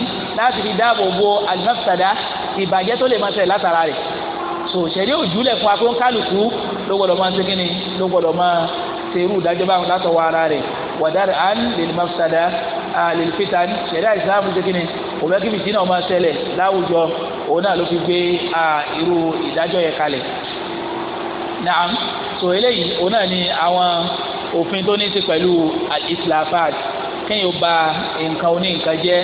lè máa ṣẹlẹ̀ látara rẹ̀ so ṣẹ̀rí òjúlẹ̀ fún akó kálukú ló gbọ́dọ̀ máa ṣe kínni ló gbọ́dọ̀ máa ṣerú ìdájọ́ báwọn látọwọ́ ara rẹ̀ wàdàrẹ̀ alil fitan ṣẹ̀dá ìsìlámù ṣe kíni òun bẹ́ẹ̀ kí fìtínà máa ṣẹlẹ̀ láwùjọ òun náà ló fi gbé irú ìdájọ́ yẹn kalẹ̀ naam so eléyìí òun náà ni àwọn òfin tó ní ti pẹ̀lú al-islafat kéèyàn ba nǹkan oní nǹkan jẹ́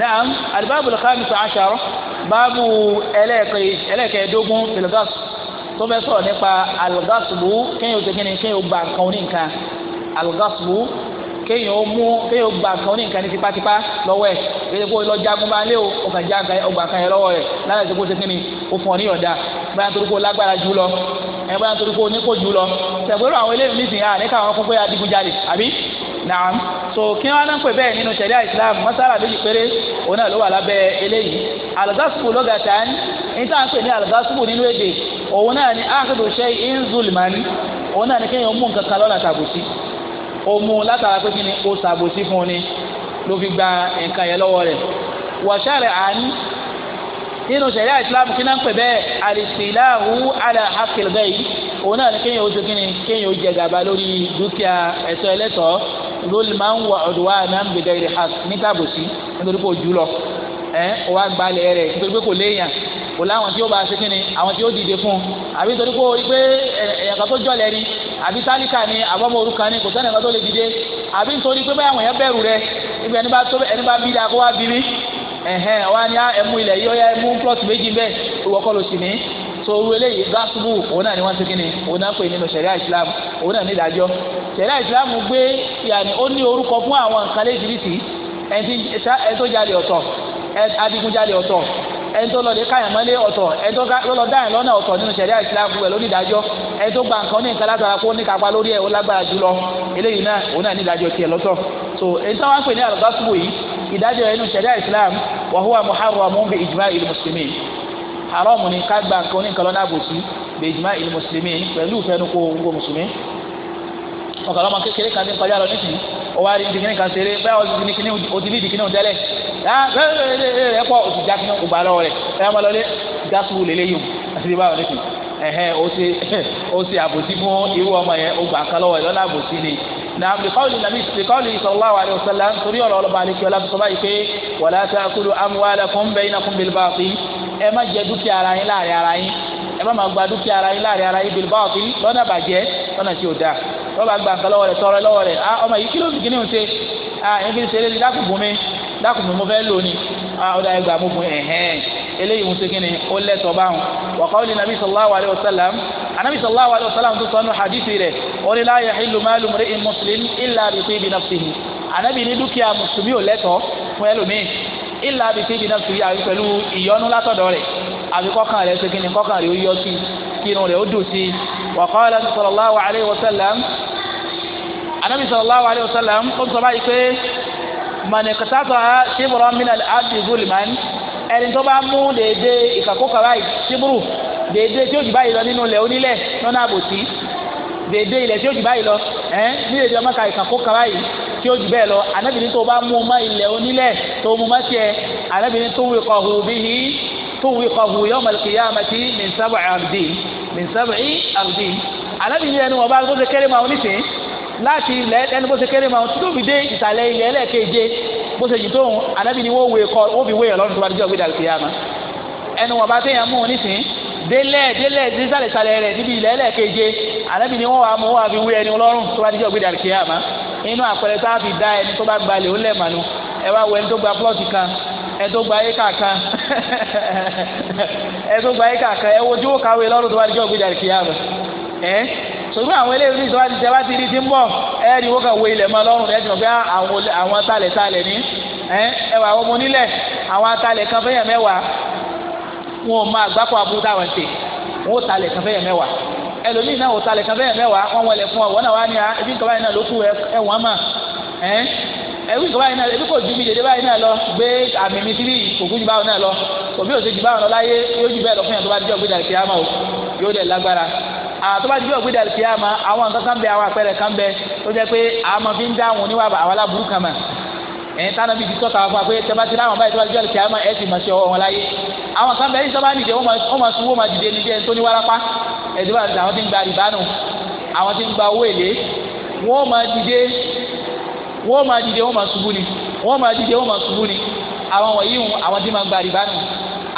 naam alibabu lakamisu asharo baabu ẹlẹ́ẹ̀kẹ́ẹ̀dógún filgas tó fẹ́ sọ̀rọ̀ nípa algasbu kéèyàn ó ti kíni kéèyàn ó ba nǹkan oní nǹkan algasbu kéèyàn ó mú kéèyàn ó gbà kan ní nǹkan ní tipátipá lọ́wọ́ ẹ̀ kéèyàn kó lọ jagun bá lé o ọkàn já ọgbà kan yẹn lọ́wọ́ rẹ̀ lára ìṣe kó ṣe kíni ó fún ọ ní ọ̀dà bóyá torí kó lágbára jù lọ ẹ̀ bóyá torí kó oníkó jù lọ tẹ̀gbẹ́rọ àwọn eléyìí nísìnyí à ní káwọn fún pé adigunjalè àbí naam so kí wọn náà pè bẹ́ẹ̀ nínú ṣẹ̀ríà islam masala méjì péré òun náà ló wà lábẹ́ eléyìí alagasubu lọgàtà ní tá à ń pè ní alagasubu nínú èdè òun náà ní akhdhu shay'in zulman òun náà ní kéèyàn mú nǹkan kan lọ́nà tàbùtì ó mú látara pé kí ni ó ṣàbòsí fún un ni ló fi gba nǹkan yẹn lọ́wọ́ rẹ̀ wọ̀ṣẹ́rẹ̀ àní nínú ṣẹ̀ríà islam kí náà ń pè bẹ́ẹ̀ àlìsíláàhù aláhàkìlbẹ́yì òun náà ni kéèyàn ó ṣe kí ni kéèyàn ó jẹ gàba lórí dúkìá ẹ̀tọ́ ẹlẹ́tọ̀ọ́ lórí máa ń wọ ọ̀dùwà náà ń gbẹdẹ ní tàbùsí nítorí kò jù lọ ẹ̀ wá gbalẹ̀ rẹ̀ nítorí pé kò léèyàn kò láwọn tí ó bá ṣe kíni àwọn tí ó dìde fún àbí torí kó rí pé ẹ̀yàn kan tó jọ̀lẹ̀ ni àbí tálíkà ni àbọ̀mọ̀ orúkọ ni kò sẹ́nìkan tó lè dìde àbí nítorí pé báyà wọ̀nyẹn bẹ̀rù rẹ ibi ẹni bá tó ẹni bá bí dáa kó wá bí mi ẹ̀hẹ́n wá ní ẹmu ilẹ̀ yìí ó yá plọ̀t méjì bẹ́ẹ̀ ìwọ ló sì ní so oru eléyìí gásùbù òun náà ni wọ́n ti kí ni òun náà pè nínú sẹ̀ríà ìsìlámù òun náà ní ìdájọ́ sẹ̀ríà ìsìlámù gbé yàní ó ní orúkọ fún àwọn nǹkan léjìrìsì ẹni tó jalè ọ̀tọ̀ adigunjalè ọ̀tọ̀ ẹni tó lọ lè káyàn mọ́lé ọ̀tọ̀ ẹni tó lọ dáyàn lọ́nà ọ̀tọ̀ nínú ṣẹ̀ríà Islam pẹ̀lú onídàájọ́ ẹni tó gba nǹkan ní nǹkan látara kó ní kápá lórí ẹ̀ ó lágbára jùlọ eléyìí náà òun náà ní ìdájọ́ tiẹ̀ lọ́tọ̀ so èyí táwọn pè ní alùpàṣùwò yìí ìdájọ́ ẹ̀ nínú ṣẹ̀ríà Islam wa huwa muharramun bi ijma'il muslimin haram ni ká gba nǹkan ní nǹkan lọ́nà àbòsí bi ijma'il muslimin pẹ̀lú ìfẹnukò gbogbo mùsùlùmí ọ̀kàlọ́mọ kékeré ó wá rí ibi kíní kan ṣeré bẹ́ẹ̀ ọtí ní kíní òtí ní ìdíkíní òtẹ́lẹ̀ ẹ pọ̀ òtí já kíní ògbà lọ́wọ́ rẹ̀ ẹ máa lọlé gásùwù lélẹ́yìn àti ìbáwò o ẹ̀hẹ́ ó ṣe àbòsí fún irú ọmọ yẹn ògbà kan lọ́wọ́ rẹ̀ lọ́nà àbòsí ni نعم لقول النبي لقوله صلى الله عليه وسلم تري ولا ولا بالك ولا بصبايك ولا تاكلوا اموالكم بينكم بالباطل ẹ má jẹ dúkìá ara yín láàrin ara yín ẹ má máa gba dúkìá ara yín láàrin ara yín بالباطل lọ́nà bàjẹ́ lọ́nà tí ò dáa lọ́ba gba nǹkan lọ́wọ́ rẹ̀ tọrọ lọ́wọ́ rẹ̀ ah ọmọ yìí kí ló fi kíní ń ṣe ah èyí fi ṣe eléyìí dákùnkùn mi dákùnkùn mi mo fẹ́ lò ní ah ọ̀dà ẹgbà mo fún ẹ̀hẹ́n eléyìí ń ṣe kíní ó lẹ́tọ̀ báwọn wa qawli nabi sallallahu alayhi wa sallam anabi sallallahu alayhi wa sallam tó sọnù hadithi rẹ̀ ó ní la yahillu malu mri'in muslim illa bi tibi nafsihi anabi ní dúkìá mùsùlùmí ò lẹ́tọ̀ fún ẹlòmíì illa bi tibi nafsihi àbí pẹ̀lú ìyọnu látọ̀dọ̀ rẹ̀ àbí kọ́kàn rẹ̀ ṣe kíní kọ́kàn rẹ̀ ó yọ sí i kí irun rẹ̀ ó dùn sí i wa qala sallallahu alayhi wa sallam anabi sallallahu alayhi wa sallam ó sọ báyìí pé mọ̀nìkàtàtà ṣíbùrọ̀ minal abdi zulman ẹni tó bá mú dédé ìkàkókà báyìí ṣíbùrù dédé tí ó jù báyìí lọ nínú ilẹ̀ onílẹ̀ lọ́nà àbòsí dédé ilẹ̀ tí ó jù báyìí lọ ẹ́ ní dédé ọmọ ìkàkókà báyìí tí ó jù bẹ́ẹ̀ lọ anábìrin tó bá mú ọmọ ilẹ̀ onílẹ̀ tó mú mọ́ tiẹ̀ anábìrin tó wù kọ̀ hù tuwikahu yawm al-qiyamati min sab'i ardin min sab'i ardin alábì ní ẹni wọn bá gbọ́dọ̀ kéré máa oníṣẹ́ láti ilẹ̀ ẹni bó ṣe kéré máa tó fi dé ìsàlẹ̀ ilẹ̀ ẹlẹ́ẹ̀keje bó ṣe jù tóun alábì ní wọ́n wé kọ́ wọ́n fi wé yẹn lọ́rùn tó bá dé jọ́ gbé dàlùkì yá ma ẹni wọn bá téèyàn mú oníṣẹ́ délẹ̀ délẹ̀ sísàlẹ̀ sàlẹ̀ rẹ̀ níbi ilẹ̀ ẹlẹ́ẹ̀keje alábì ní wọ́n wà mú wọ́n àfi wé ẹni ẹ̀tọ́ gba ayé kàkan ẹ̀tọ́ gba ayé kàkan ẹ̀ wojú ó kàwé lọ́rùn tó bá jẹ́ ògbéjà kìíyà rẹ̀ ẹ̀ sòtún àwọn eléyìí ní ìtọ́wá ti jẹba ti di ti ń bọ̀ ẹ̀ ẹ́ ní wọ́n kà wé ilẹ̀ mọ́ lọ́rùn ẹ̀ ti mọ̀ pé ah, àwọn talẹ̀ talẹ̀ ní ẹ̀ ẹ̀ wà wọ́n mo nílẹ̀ àwọn atalẹ̀ kan fẹ́yẹ̀ mẹ́wàá wọn ò máa gbápọ̀ aburú táwọn ṣe wọn ò talẹ̀ kan fẹ́yẹ̀ mẹ́wàá ẹlòmíì náà ò talẹ̀ kan fẹ́yẹ̀ mẹ́wàá wọn wọlé fún ọ wọn náà wá ní ah, ẹ̀rú ìkọ́ báyìí náà ebi kò ju mi dédé báyìí náà lọ gbé àmì mi síbí òkú ju báwọn náà lọ òbí ò ṣe ju báwọn lọ láyé yóò ju bẹ́ẹ̀ lọ fún yàn tó bá dijọ́ gbéjà kìáma o yóò dẹ̀ lágbára àtọ́ bá dijọ́ gbéjà kìáma àwọn nǹkan kan bẹ àwọn àpẹẹrẹ kan bẹ tó jẹ́ pé àmọ́ fi ń dá àwọn oníwà àwọn aláburú kan mà ẹ̀yìn tánà bíi ti tọ́ka fún wa pé tẹ́bá ti láwọn báyìí tó bá dijọ́ kìáma ẹ̀ sì mọ̀ sí ọwọ́ wọn láyé àwọn kan bẹ yìí sábà nìjẹ́ wọ́n máa sunwó máa dìde níjẹ́ tó ní wárápá ẹ̀dínwó àwọn tí ń gba rìbánu àwọn tí ń gba owó èlé wọ́n máa dìde wọ́n máa dìde wọ́n máa ṣubú ni wọ́n máa dìde wọ́n máa ṣubú ni àwọn wọ̀nyí hùn àwọn tí máa ń gba àdìbá nù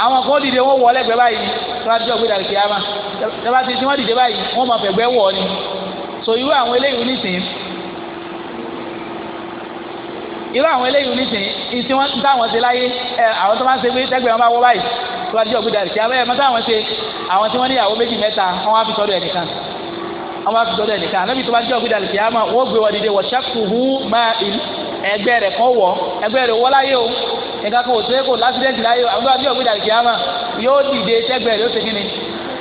àwọn kan dìde wọ́n wọ lẹ́gbẹ̀ẹ́ báyìí tó bá ti ọ̀gbẹ́dà kì í ama tẹ́lá ti tí wọ́n dìde báyìí wọ́n máa fẹ̀gbẹ́ wọ̀ ni so irú àwọn eléyìí onísìn irú àwọn eléyìí onísìn ìsìn wọn táwọn ṣe láyé ẹ àwọn tó máa ń ṣe pé tẹ́gbẹ̀ẹ́ wọn bá wọ báyìí tó bá ti ọ̀gbẹ́dà kì í ama ẹ̀ mọ́tò àwọn ṣe àwọn tí wọ́n níyàwó méjì mẹ́ta wọ́n wá fi sọ́dọ̀ àwọn afidọ́dọ̀ ẹnìkan anabi tó bá jẹ́ ògbé dàlùkì àmà wọ́n gbé wọn dìde wọ́ṣẹ́kùhù máa ẹgbẹ́ rẹ̀ kọ́ wọ̀ ẹgbẹ́ rẹ̀ wọ́lá yé o nǹkan kò tó yẹ kó lásìdẹ́ntì láyé o àwọn tó bá jẹ́ ògbé dàlùkì àmà yóò dìde tẹ́gbẹ́ rẹ̀ ó ṣe kíni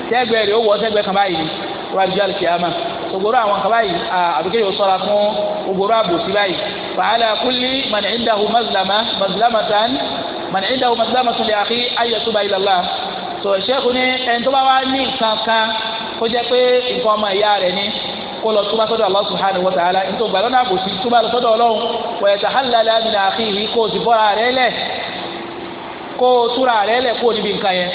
tẹ́gbẹ́ rẹ̀ ó wọ́ sẹ́gbẹ́ kan báyìí tó bá jẹ́ ògbé àmà ògbóró àwọn kan báyìí àbíké yóò sọ́ra fún ògbóró àbòsí báyìí fàálà kúlí mànà ìdáhù mazlama mazlamatan mànà ìdáhù mazlamatan lè àkí ayé tó bá ilàlá tó ṣẹ́kù ní ẹni tó bá wá ní kankan kó jẹ́ pé nǹkan ọmọ ìyá rẹ̀ ni kó lọ túbá sọ́dọ̀ Allah subhanahu wa ala nítorí gbàdọ́ náà kò sí túbá lọ sọ́dọ̀ ọlọ́run wa yatahallala min akhihi kó o sì bọ́ra rẹ̀ lẹ̀ kó o túra rẹ̀ lẹ̀ kó o níbi nǹkan yẹn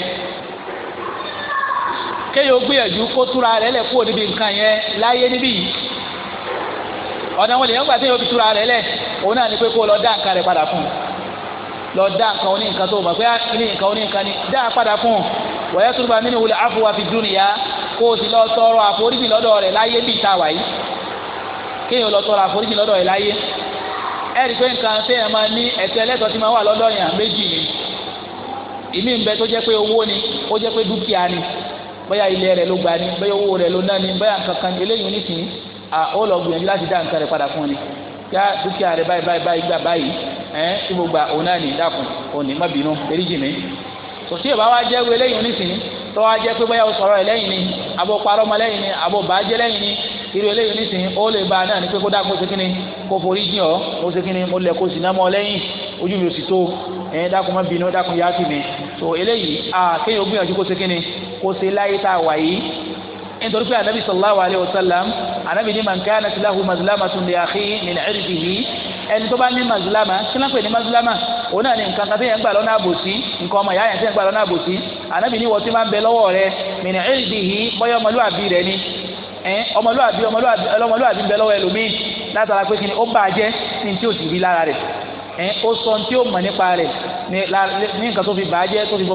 kéèyàn gbìyànjú kó túra rẹ̀ lẹ̀ kó o níbi nǹkan yẹn láyé níbí yìí ọ̀nà wọn lè yẹn gbà fi túra rẹ̀ lẹ̀ òun náà ni pé kó o lọ lọ dá nǹkan oní nǹkan tó mọ̀ pé ní ah, nǹkan oní nǹkan ni dá a padà fún un wọ̀nyẹ tó bá nínú wulẹ̀ afọ àfi dúnìyà kó o sì lọ tọrọ àforíjì lọ́dọ̀ rẹ̀ láyé bíi ta wàyí kéèyàn lọ tọrọ àforíjì lọ́dọ̀ rẹ̀ láyé ẹ̀rí pé nǹkan téèyàn máa ní ẹ̀tọ́ ẹlẹ́tọ̀ọ́ ti máa wà lọ́dọ̀ yàn méjì ni ìmí ń bẹ tó jẹ́ pé owó ni ó jẹ́ pé dúkìá ni bóyá ilé rẹ̀ ló gbà ni bóyá owó rẹ̀ ló ná ni bóyá nǹkan kan eléyìí nísìnyí ó lọ gbìyànjú láti dá nǹkan rẹ̀ padà fún ni yá dúkìá rẹ̀ báyìí báyìí báyìí gbà báyìí ẹ tí gbogbo àwọn náà ní dàkún òní má bínú eríjì mi sòtí ìbá wa jẹ́ wọlé yìí onísìnyí tó wa jẹ́ pé bóyá o sọ̀rọ̀ ẹ̀ lẹ́yìn ni àbò parọ́ mọ́ lẹ́yìn ni àbò bàjẹ́ lẹ́yìn ni irú eléyìí nísìnyí ó lè ba náà ní pé kó dáa kó sekínì kó forí jìn ọ kó sekínì mo lẹ kó sinamọ lẹ́yìn ojú mi ò sì tó ẹ dákun má bínú dákun yá sí mi tó eléyìí kéèyàn ó gbìyànjú kó sekínì kó se láyé tá a wà nítorí pé anabi sallallahu alayhi wa sallam anabi ní man kanat lahu mazlamatun li akhihi min irdihi ẹni tó bá ní mazulama kí ló ní mazulama òun náà ni nǹkan kan téèyàn gbà lọ́nà àbòsí nǹkan ọmọ ìyá yẹn téèyàn gbà lọ́nà àbòsí ànábì ní wọ́n ti máa ń bẹ lọ́wọ́ rẹ mìnà ẹ̀rìndìhì bọ́yá ọmọlúwàbí rẹ ni ọmọlúwàbí ọmọlúwàbí ń bẹ lọ́wọ́ ẹlòmíì látara pé kíni ó jẹ́ ní tí sì rí lára ó sọ tí ó mọ̀ nípa rẹ̀ ní nǹkan tó fi jẹ́ tó fi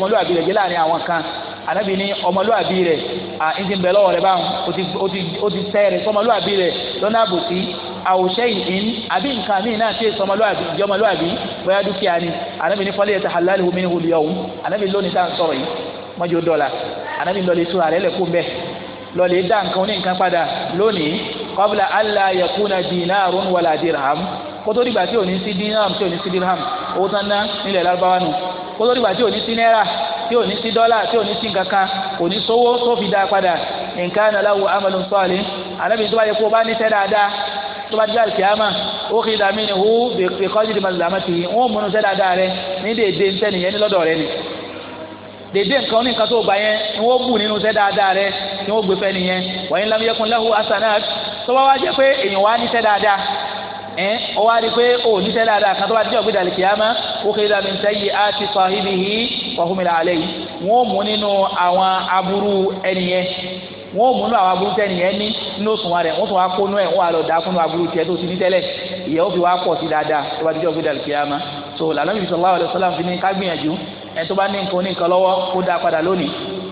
ọmọlúwàbí rẹ̀ àwòṣe ìhìn àbí nǹkan míì náà tí èso ọmọlúwàbí ìjọ ọmọlúwàbí bóyá dúkìá ni ànábì ní fọlẹ́ ẹ̀ta halal omi ní olùyọ̀ òun ànábì lónìí tá à ń sọ̀rọ̀ yìí mọ́jú dọ́là ànábì lọ́lẹ̀ tó àrẹ́ lẹ̀kú mbẹ́ lọ́lẹ̀ dá nǹkan ní nǹkan padà lónìí qabla alla yakuna dinarun wala dirham kótó dìgbà tí ò ní sí dinam tí ò ní sí dirham owó tán ná nílẹ̀ lárúbáwá nù kótó dìgbà tí ò ní sí náírà tí ò ní sí dọ́là tí ò sí nǹkankan kò sówó tó fi dá padà nǹkan náà láwo amalun salih ànábì tó bá yẹ kó o bá ní tẹ́ dáadáa tó bá dígbà kìámà ó kì í dàmí ni hu bèkọ́jú di màlúùdàmà tì í wọ́n múnú sẹ́ dáadáa rẹ ní dèdè ntẹ́ni yẹn ní lọ́dọ̀ rẹ ni dèdè nǹkan ní nǹkan tó gbà yẹn ni wọ́n bù nínú sẹ́ dáadáa rẹ ni wọ́n gbé fẹ́ nìyẹn wọ́n yín lámúyẹ́kùn lẹ́hu asanat tó bá wá jẹ́ pé èèyàn wá ní sẹ́ dáadáa ẹ ọ wá rí i pé ó ní sẹ́ dáadáa kan tó bá dígbà gbéjà kìámà ó kì í dàmí sẹ́yìn á ti sọ ibi yìí wọ́n mú nínú wọn ò múnú àwọn aburú tẹ́ nìyẹn ní inú òsùn wa rẹ̀ wọ́n tún wá kó nú ẹ̀ wọ́n á lọ dàá kúnú aburú tiẹ̀ tó ti ní tẹ́lẹ̀ ìyẹn ó fi wá pọ̀ sí dáadáa tó bá dijọ́ gbéra lùkìyà má so lànàbí sallallahu alaihi wasallam fi ní ká gbìyànjú ẹ̀ tó bá ní nǹkan oníkan lọ́wọ́ kó dáa padà lónìí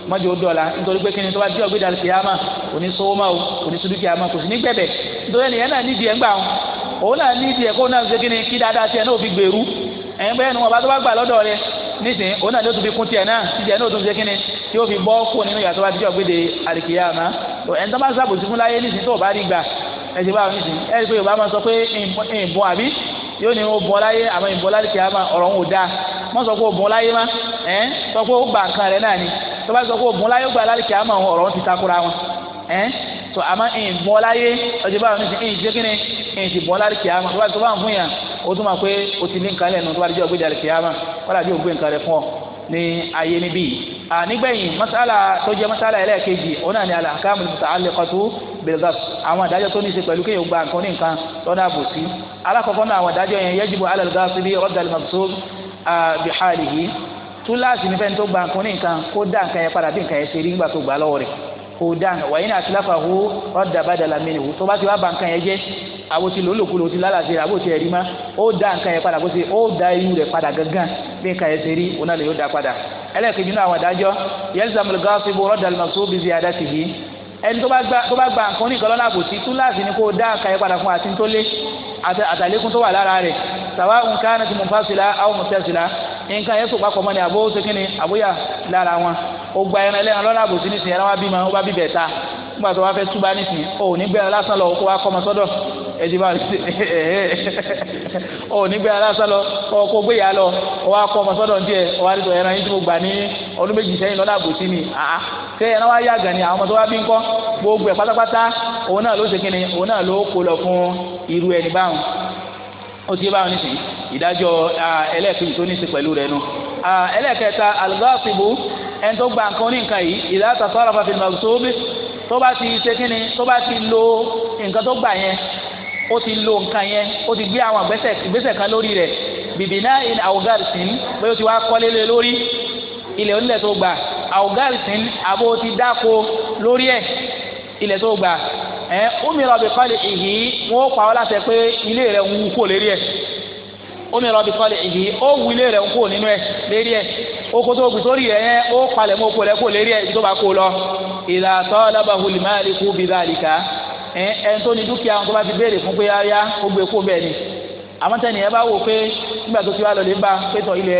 mọ́jọ́ dọ́la nítorí pé kíni tó bá dijọ́ gbéra lùkìyà má òní sówó má o òní sùdúkìá má kò sí ní gbẹ̀bẹ̀ nítorí ẹnìyẹn náà nídìí ni nísìnyí òun náà ló tún fi kún tiẹ̀ náà tiẹ̀ náà ó tún fi ṣe kínni tí ó fi bọ́ kó nínú ìyàtọ̀ bá dijọ́ gbéde àlìkìyà àmá ẹni tó bá sábòsí fún láyé nísìnyí tó o bá rí gbà ẹ ti bá wọn nísìnyí ẹ rí pé Yorùbá máa sọ pé ìbọn àbí yóò ní o bọ̀ láyé àmọ́ ìbọn láyé àmọ́ ọ̀rọ̀ òun ò dáa wọ́n sọ pé o bọ̀ láyé má ẹ̀ sọ pé ó gbà nǹkan rẹ̀ náà ni tó bá sọ pé o bọ̀ láyé gbà láyé àmọ́ ọ̀rọ̀ ti takora wọn ẹ̀ tó àmọ́ ìbọn láyé ọjọ́ bá nísìnyí ìjẹ́kínni ìjìbọn láyé àmọ́ tó bá sọ fún yàn o tún máa pé o ti ní nǹkan lẹ́nu tó bá dijọ́ ògbé dàrí kìyàmà kọ́lá bí ògbé nǹkan rẹ̀ fún ọ ní ayé níbí nígbẹ̀yìn masala tó jẹ́ masala ẹlẹ́ẹ̀kejì òun náà ni alahakamu mutaalliqatu bilgas àwọn àdájọ́ tó ní í ṣe pẹ̀lú kéèyàn gba nǹkan ní nǹkan lọ́dọ̀ àbòsí alákọ̀ọ́kọ́ náà àwọn àdájọ́ yẹn yajibu ala al-ghasibi radda al-mabsut bihalihi bí nǹkan kò dáná wàyí náà tìlàfà hó ọ̀dà bàdàlà mi nìwò tó bá ti wá ba nǹkan yẹn jẹ́ àbòtí lòlòkulò ti lálàsì rẹ̀ àbòtí ẹ̀rí má ó da nǹkan yẹn padà bóti ó da irú rẹ̀ padà gángan bí nǹkan yẹn ti rí òun náà lè yóò da padà ẹlẹ́ẹ̀kejì náà àwọn àdájọ́ yẹn sàmúlò gáàsì bó rọ́dà lọ́sọ́ bíbí adá ti yìí ẹni tó bá gba nǹkan oníkan lọ́nà àbòtí túláàsì ni kó o dá nǹkan yẹn padà fún àti tó lé àtàlékún tó wà lára rẹ̀ sàwa nǹkan ti mú fásitì àwọn mú tẹ́sí nǹkan yẹn sọ papọ̀ mọ́ ni àbó ṣe kínni àbóyà lára wọn ó gba ẹran ẹlẹ́ran lọ́nà àbòsí nísìnyí ẹran wá bí ma ó bá bí bẹ̀ ta nígbà tó wá fẹ́ túbá nísìnyí ó ní gbẹ́ran lásán lọ kó wá kọ́ ọmọ sọ́dọ̀ ẹ̀jẹ̀ bá ṣe ó ní gbẹ́ran lásán lọ kó kó gbé yà lọ ó wá kọ́ ọmọ sọ́dọ̀ díẹ̀ ó wá nítorí ẹran yín tí mo gbà ní ọdún méjì sẹ́yìn lọ́nà àbòsí ni àá tẹ ẹran wá yá gan ni àwọn ọmọ tó wá bí ń kọ́ gbogbo ẹ̀ pátápátá òun náà ló ṣe kínni òun náà ló kó lọ fún irú ẹni báwọn ó ti báwọn ní sìn ìdájọ́ ẹlẹ́ẹ̀kejì tó ní sí pẹ̀lú rẹ̀ nù ẹlẹ́ẹ̀kẹta alghasibu ẹni tó gba nǹkan ní nǹkan yìí ìdá tasarrafa fil maghsub tó bá ti ṣe kínni tó bá ti lo nǹkan tó gbà yẹn ó ti lo nǹkan yẹn ó ti gbé àwọn ìgbésẹ̀ kan lórí rẹ̀ bìbìnà in awgarsin pé ó ti wá kọ́lé lé lórí ilẹ̀ onílẹ̀ tó gbà awgarsin àbó ti dáko lórí ẹ̀ ilẹ̀ tó gbà ẹ omira bi kọ́lì ìhì wọ́n pa ọ́ láti pé ilé rẹ̀ ń wú kó lérí ẹ̀ omira bi kọ́lì ìhì ó wú ilé rẹ̀ ń kó nínú ẹ̀ lérí ẹ̀ oko tó gbèsè orí rẹ̀ yẹn ó oko lọ kú tó ní dúkìá wọn tó bá ti béèrè fún pé yáyá ó gbé kó ni ẹ bá wò pé nígbà tó ti wá bá rẹ